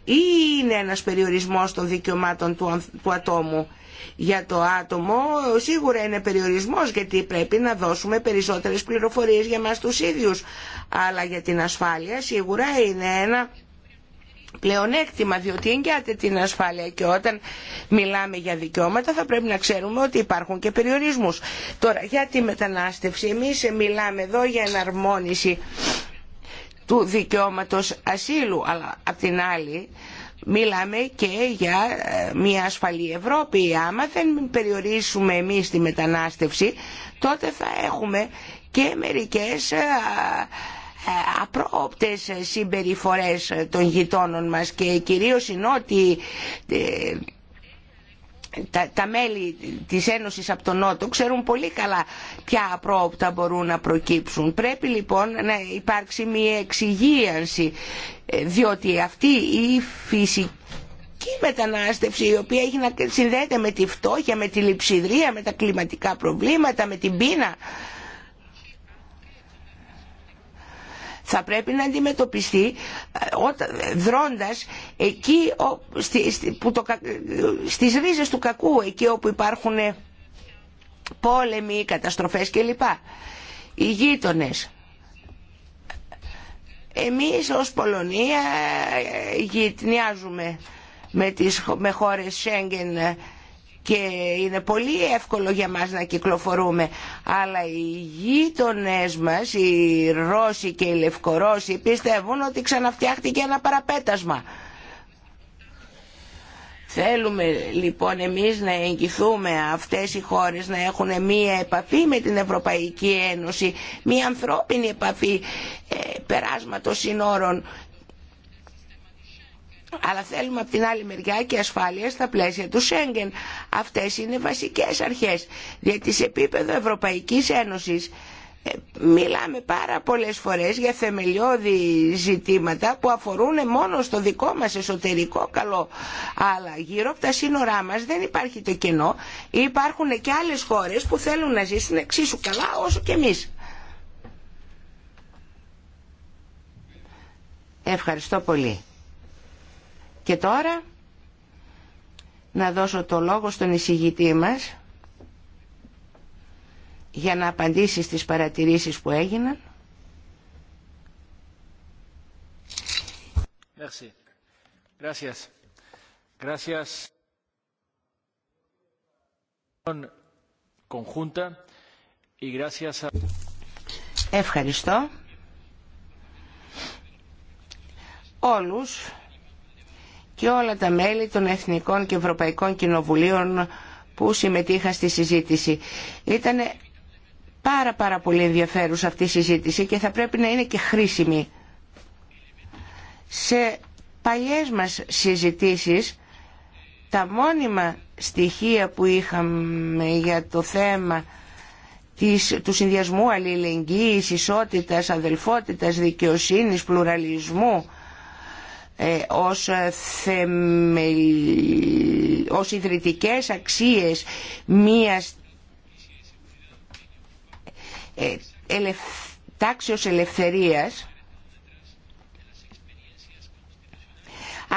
ή είναι ένας περιορισμός των δικαιωμάτων του ατόμου. Για το άτομο σίγουρα είναι περιορισμός γιατί πρέπει να δώσουμε περισσότερες πληροφορίες για μας τους ίδιους. Αλλά για την ασφάλεια σίγουρα είναι ένα πλεονέκτημα διότι εγκιάται την ασφάλεια και όταν μιλάμε για δικαιώματα θα πρέπει να ξέρουμε ότι υπάρχουν και περιορισμούς. Τώρα για τη μετανάστευση εμείς μιλάμε εδώ για εναρμόνιση του δικαιώματος ασύλου αλλά απ' την άλλη μιλάμε και για ε, μια ασφαλή Ευρώπη. Άμα δεν περιορίσουμε εμείς τη μετανάστευση τότε θα έχουμε και μερικές ε, απρόοπτες συμπεριφορές των γειτόνων μας και κυρίως οι νότιοι ε, τα, μέλη της Ένωσης από τον Νότο ξέρουν πολύ καλά ποια απρόοπτα μπορούν να προκύψουν. Πρέπει λοιπόν να υπάρξει μια εξυγίανση ε, διότι αυτή η φυσική μετανάστευση η οποία έχει να συνδέεται με τη φτώχεια, με τη λειψιδρία, με τα κλιματικά προβλήματα, με την πείνα θα πρέπει να αντιμετωπιστεί ε, δρώντας εκεί που το, στις ρίζες του κακού, εκεί όπου υπάρχουν ε, πόλεμοι, καταστροφές κλπ. Οι γείτονες. Εμείς ως Πολωνία ε, γειτνιάζουμε με, τις, με χώρες Σέγγεν και είναι πολύ εύκολο για μας να κυκλοφορούμε αλλά οι γείτονε μας, οι Ρώσοι και οι Λευκορώσοι πιστεύουν ότι ξαναφτιάχτηκε ένα παραπέτασμα. Θέλουμε λοιπόν εμείς να εγγυθούμε αυτές οι χώρες να έχουν μία επαφή με την Ευρωπαϊκή Ένωση, μία ανθρώπινη επαφή ε, περάσματος συνόρων αλλά θέλουμε από την άλλη μεριά και ασφάλεια στα πλαίσια του Σέγγεν. Αυτές είναι βασικές αρχές, γιατί σε επίπεδο Ευρωπαϊκής Ένωσης ε, μιλάμε πάρα πολλές φορές για θεμελιώδη ζητήματα που αφορούν μόνο στο δικό μας εσωτερικό καλό. Αλλά γύρω από τα σύνορά μας δεν υπάρχει το κενό. Υπάρχουν και άλλες χώρες που θέλουν να ζήσουν εξίσου καλά όσο και εμείς. Ευχαριστώ πολύ. Και τώρα να δώσω το λόγο στον εισηγητή μας για να απαντήσει στις παρατηρήσεις που έγιναν.
Merci. Gracias. Gracias.
Ευχαριστώ όλους και όλα τα μέλη των Εθνικών και Ευρωπαϊκών Κοινοβουλίων που συμμετείχαν στη συζήτηση. Ήταν πάρα πάρα πολύ ενδιαφέρουσα αυτή η συζήτηση και θα πρέπει να είναι και χρήσιμη. Σε παλιές μας συζητήσεις τα μόνιμα στοιχεία που είχαμε για το θέμα της, του συνδυασμού αλληλεγγύης, ισότητας, αδελφότητας, δικαιοσύνης, πλουραλισμού ε, ως, ε, θεμε... ως ιδρυτικές αξίες μιας ε, ελευ... τάξεως ελευθερίας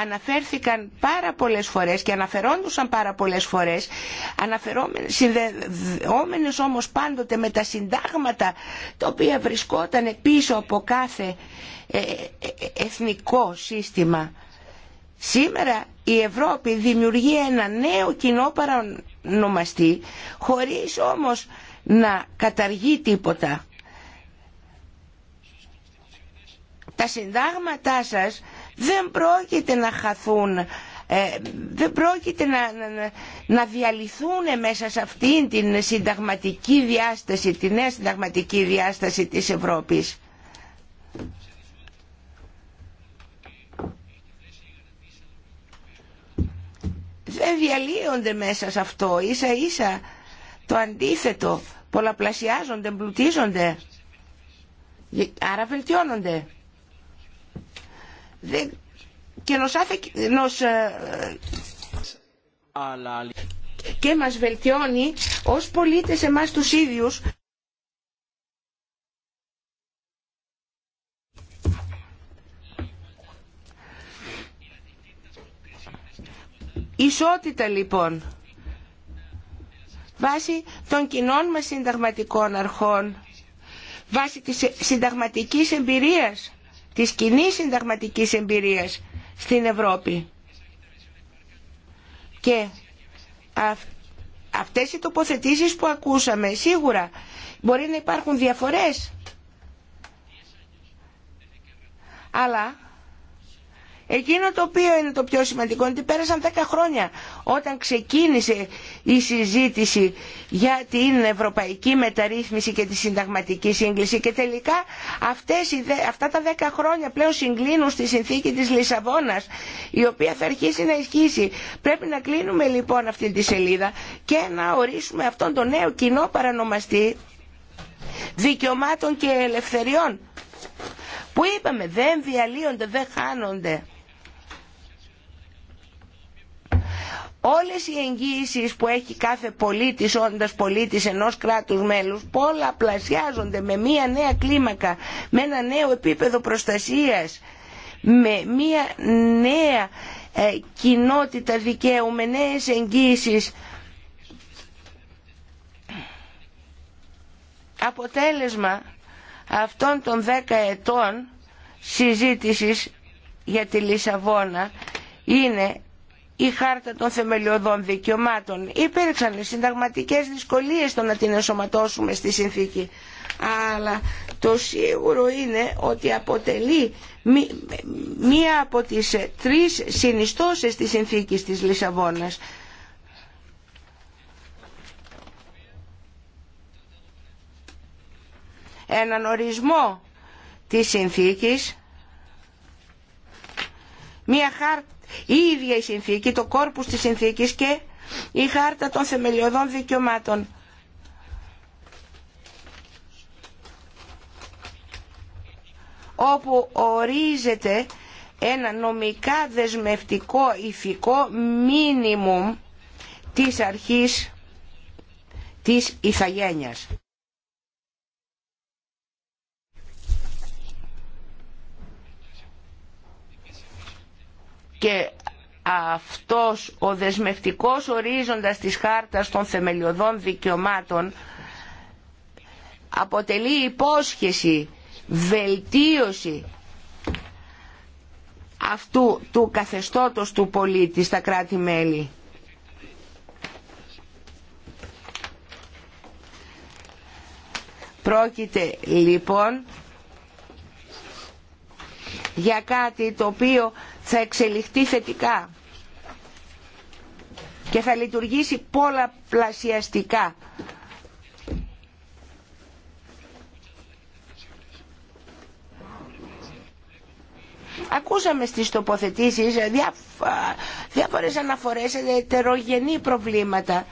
αναφέρθηκαν πάρα πολλές φορές και αναφερόντουσαν πάρα πολλές φορές συνδεόμενες όμως πάντοτε με τα συντάγματα τα οποία βρισκόταν πίσω από κάθε ε, ε, εθνικό σύστημα. Σήμερα η Ευρώπη δημιουργεί ένα νέο κοινό παρανομαστή χωρίς όμως να καταργεί τίποτα. Τα συντάγματά σας δεν πρόκειται να χαθούν, ε, δεν πρόκειται να, να, διαλυθούν μέσα σε αυτήν την συνταγματική διάσταση, την νέα συνταγματική διάσταση της Ευρώπης. δεν διαλύονται μέσα σε αυτό. Ίσα ίσα το αντίθετο. Πολλαπλασιάζονται, εμπλουτίζονται. Άρα βελτιώνονται και μα ε, και μας βελτιώνει ως πολίτες εμάς τους ίδιους Ισότητα λοιπόν βάσει των κοινών μας συνταγματικών αρχών βάσει της συνταγματικής εμπειρίας της κοινή συνταγματικής εμπειρίας στην Ευρώπη. Και αυτές οι τοποθετήσεις που ακούσαμε σίγουρα μπορεί να υπάρχουν διαφορές αλλά Εκείνο το οποίο είναι το πιο σημαντικό είναι ότι πέρασαν 10 χρόνια όταν ξεκίνησε η συζήτηση για την ευρωπαϊκή μεταρρύθμιση και τη συνταγματική σύγκληση και τελικά αυτές, αυτά τα 10 χρόνια πλέον συγκλίνουν στη συνθήκη της Λισαβόνας η οποία θα αρχίσει να ισχύσει. Πρέπει να κλείνουμε λοιπόν αυτή τη σελίδα και να ορίσουμε αυτόν τον νέο κοινό παρανομαστή δικαιωμάτων και ελευθεριών που είπαμε δεν διαλύονται, δεν χάνονται. όλες οι εγγύησει που έχει κάθε πολίτης όντας πολίτης ενός κράτους μέλους πολλαπλασιάζονται με μια νέα κλίμακα, με ένα νέο επίπεδο προστασίας, με μια νέα ε, κοινότητα δικαίου, με νέες εγγύησει. Αποτέλεσμα αυτών των δέκα ετών συζήτησης για τη Λισαβόνα είναι η χάρτα των θεμελιωδών δικαιωμάτων. Υπήρξαν συνταγματικές δυσκολίες στο να την ενσωματώσουμε στη συνθήκη. Αλλά το σίγουρο είναι ότι αποτελεί μία από τις τρεις συνιστώσεις της συνθήκης της Λισαβόνας. Έναν ορισμό της συνθήκης, μία χάρτα η ίδια η συνθήκη, το κόρπους της συνθήκης και η χάρτα των θεμελιωδών δικαιωμάτων. όπου ορίζεται ένα νομικά δεσμευτικό ηθικό μίνιμουμ της αρχής της ηθαγένειας. και αυτός ο δεσμευτικός ορίζοντας της χάρτας των θεμελιωδών δικαιωμάτων αποτελεί υπόσχεση, βελτίωση αυτού του καθεστώτος του πολίτη στα κράτη-μέλη. Πρόκειται λοιπόν για κάτι το οποίο θα εξελιχθεί θετικά και θα λειτουργήσει πολλαπλασιαστικά. Ακούσαμε στις τοποθετήσεις διάφορες αναφορές σε ετερογενή προβλήματα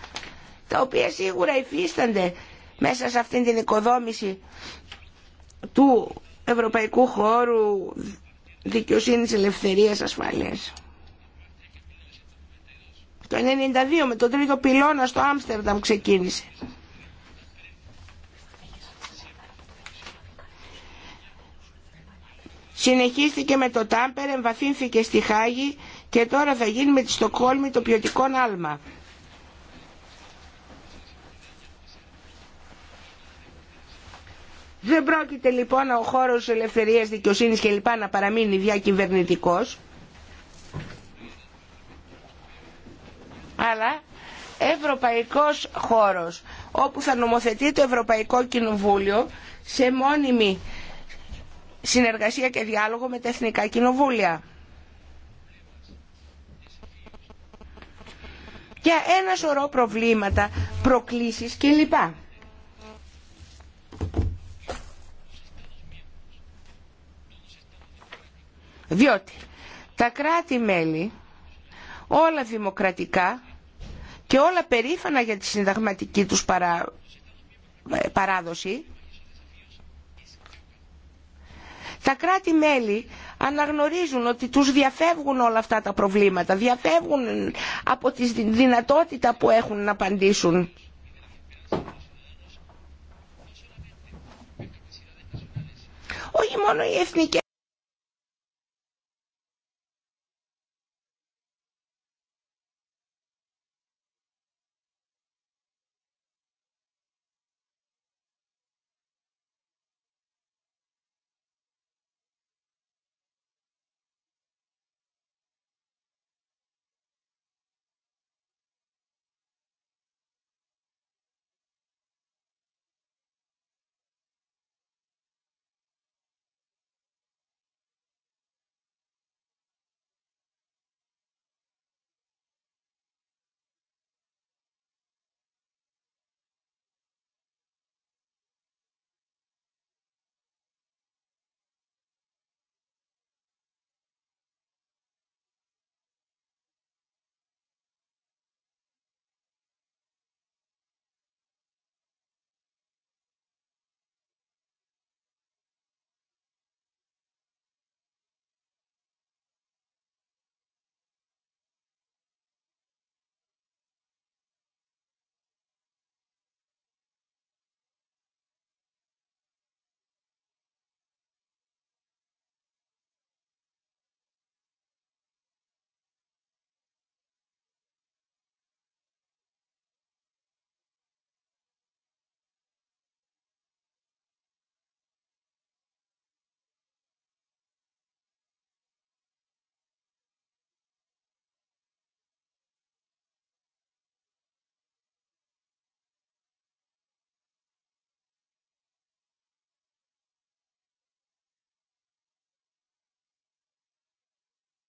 τα οποία σίγουρα υφίστανται μέσα σε αυτήν την οικοδόμηση του ευρωπαϊκού χώρου δικαιοσύνης, ελευθερίας, ασφάλειας. Το 1992 με τον τρίτο πυλώνα στο Άμστερνταμ ξεκίνησε. Συνεχίστηκε με το Τάμπερ, εμβαθύνθηκε στη Χάγη και τώρα θα γίνει με τη Στοκχόλμη το ποιοτικό άλμα. Δεν πρόκειται λοιπόν ο χώρος ελευθερίας, δικαιοσύνης και λοιπά να παραμείνει διακυβερνητικός. Αλλά ευρωπαϊκός χώρος όπου θα νομοθετεί το Ευρωπαϊκό Κοινοβούλιο σε μόνιμη συνεργασία και διάλογο με τα εθνικά κοινοβούλια. Για ένα σωρό προβλήματα, προκλήσεις κλπ. Διότι τα κράτη-μέλη όλα δημοκρατικά και όλα περήφανα για τη συνταγματική τους ε, παράδοση τα κράτη-μέλη αναγνωρίζουν ότι τους διαφεύγουν όλα αυτά τα προβλήματα, διαφεύγουν από τη δυνατότητα που έχουν να απαντήσουν. Όχι μόνο οι εθνικές